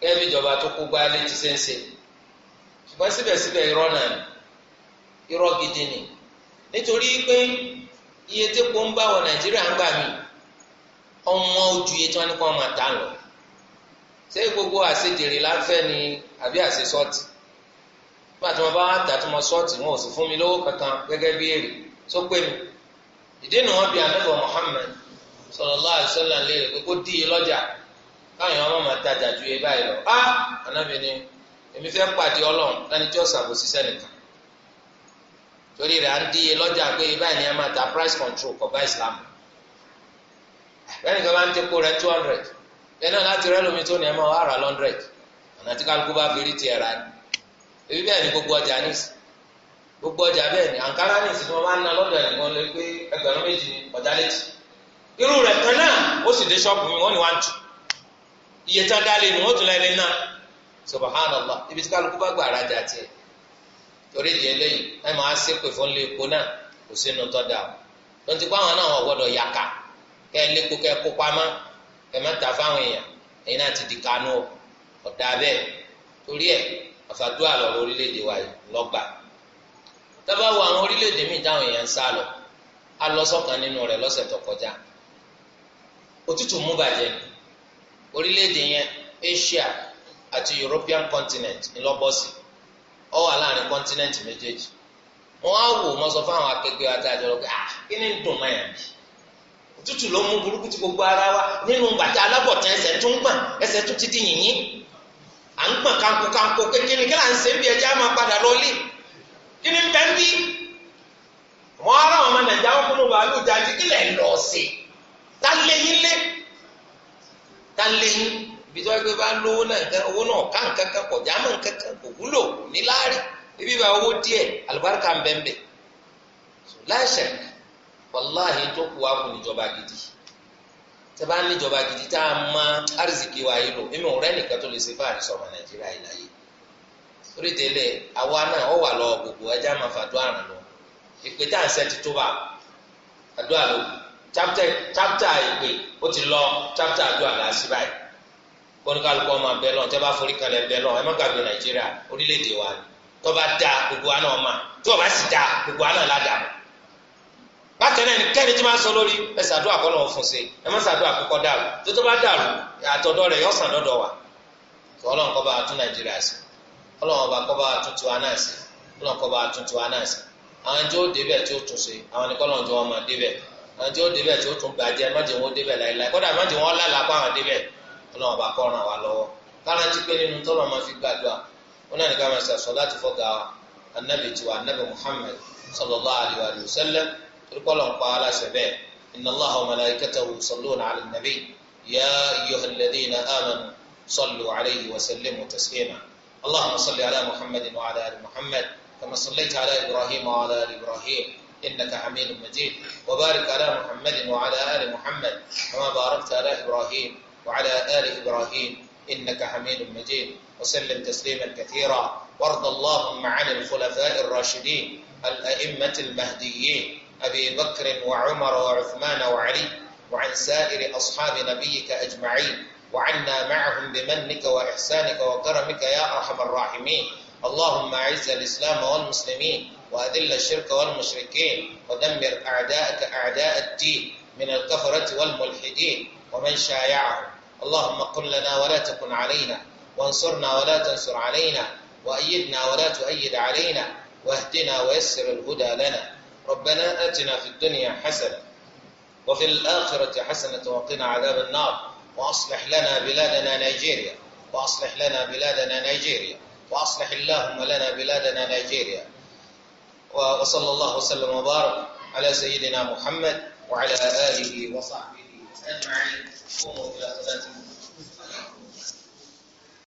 gẹ́gẹ́ bí tó kó gbá létí sẹ́ńsẹ́ ṣùgbọ́n síbẹ̀síbẹ̀ irọ́ náà irọ́ gidi ni nítorí pé iye tẹ́po ń bá wọ Nàìjíríà ń gbà mí ọmọ ojú iye tí wọ́n ní kó máa ni àbí àṣesọ́ọ̀tì nígbà tí wọ́n bá wá tà tí wọ́n sọ́ọ̀tì wọn ò sì fún mi lówó kankan gẹ́gẹ́ tó pé mi ìdí nu wọn bí anábọ Muhammad sallallahu alaihi wasallam léèrè pé dí iye lọ́jà káwọn ju báyìí lọ á ah! anábì ni èmi fẹ́ pàdé Ọlọ́run lẹni tí ọ̀sán kò ṣiṣẹ́ nìkan torí rẹ̀ à ń dí lọ́jà pé báyìí ta price control Islam kan bá ń tẹ́kọ̀ rẹ̀ two hundred láti rẹ́ lómi tó ní máa rà ọjà gbogbo ọjà bẹ́ẹ̀ ni àǹkárá ní ìsìn tí wọ́n bá ń ẹ̀ nìkan lè pé ẹgbẹ̀rún méjì ni ọjà létí irú rẹ̀ kan náà ó sì dé mi tù iye tán dálé ni wọ́n tún náà ibi tí kálukú bá torí ìdí eléyìí ẹ máa fún náà kò o tó ti tábà wo àwọn orílẹ̀-èdè míì táwọn èèyàn ń sá lọ a lọ sọ́kan nínú rẹ̀ lọ́sẹ̀ tó kọjá òtútù mú bàjẹ́ orílẹ̀-èdè yẹn Asia àti European continent ńlọ́bọ̀sì ó wà láàrin continent méjèèjì wọn á wò wọn sọ fáwọn akẹgbẹ́ adájọ́ lọ pé ah kí ni ń dùn mọ́ yẹn bí òtútù ló mú burúkú ti gbogbo ara wa nínú bàtà alábọ̀tán ẹsẹ̀ tó ń gbọ̀n ẹsẹ̀ tó ti di yìnyín à ń gbọ̀n kanko kanko kékeré kí là ń ṣe bí ẹjẹ́ á máa padà lọ lé kí ni bẹ́ẹ̀ bí wọ́n ará àwọn ọmọ nàìjíríà wọn kúnnú bàálù jáde kí lẹ̀ lọ sí ta lé yín lé ta lé yín ibi tó wá gbé bá lówó náà nǹkan owó náà ká nǹkan kan kọ̀ jámọ̀ nǹkan kan kò wúlò ní láàrin ibi bá owó díẹ̀ àlùbáríkà ń bẹ́ẹ̀ bẹ́ẹ̀ láṣẹ wàláhì tó kù wá kù níjọba gidi tẹ bá níjọba gidi tá a máa arzikì wa yìí lò mímú rẹ nìkan tó lè ṣe fáàrí sọmọ nàìjíríà yìí láyé torí délé àwa náà ó wà lọ gbogbo ẹja máa fàdúrà ràn lọ ìpè tá à ń sẹ́ ti tó bá àdúrà ló chapter ìpè ó ti lọ chapter àdúrà là á sí kọ́nìkàlùkọ́ máa bẹ lọ́n tẹ́ bá forí kalẹ̀ bẹ ẹ má gbàgbé nàìjíríà orílẹ̀-èdè wa da gbogbo wa náà mà tó bá sì da gbogbo wa ládàá bákan náà kẹ́ni tí máa sọ lórí ẹ ṣe ẹ má dàrú tó tó bá dàrú àtọ̀dọ́ ọlọ́run ọba kọ́ bá wa tún tiwa náà sí ọlọ́run kọ́ bá wa tún tiwa náà sí àwọn tí ó débẹ̀ tí ó tún ṣe àwọn ni kọ́lọ́run tí wọ́n máa débẹ̀ àwọn tí ó débẹ̀ tí ó tún gbàjẹ́ májè wọn débẹ̀ láìláì kọ́dà májè wọn lálàá pa àwọn débẹ̀ ọlọ́run ọba kọ́ ràn wá lọ́wọ́ kárántí pé nínú tọ́lọ̀ máa fi gbàdúrà wọn náà ní ká máa sàṣọ láti fọ́gà anabi tiwa wa sallam turkọlọ ń pa aláṣẹ اللهم صل على محمد وعلى ال محمد كما صليت على ابراهيم وعلى ال ابراهيم انك حميد مجيد وبارك على محمد وعلى ال محمد كما باركت على ابراهيم وعلى ال ابراهيم انك حميد مجيد وسلم تسليما كثيرا وارض اللهم عن الخلفاء الراشدين الائمه المهديين ابي بكر وعمر وعثمان وعلي وعن سائر اصحاب نبيك اجمعين وعنا معهم بمنك وإحسانك وكرمك يا أرحم الراحمين اللهم أعز الإسلام والمسلمين وأذل الشرك والمشركين ودمر أعداءك أعداء الدين من الكفرة والملحدين ومن شايعهم اللهم قل لنا ولا تكن علينا وانصرنا ولا تنصر علينا وأيدنا ولا تؤيد علينا واهدنا ويسر الهدى لنا ربنا آتنا في الدنيا حسنة وفي الآخرة حسنة وقنا عذاب النار وأصلح لنا بلادنا نيجيريا وأصلح لنا بلادنا نيجيريا وأصلح اللهم لنا بلادنا نيجيريا وصلى الله وسلم وبارك على سيدنا محمد وعلى آله وصحبه أجمعين قوموا إلى صلاتكم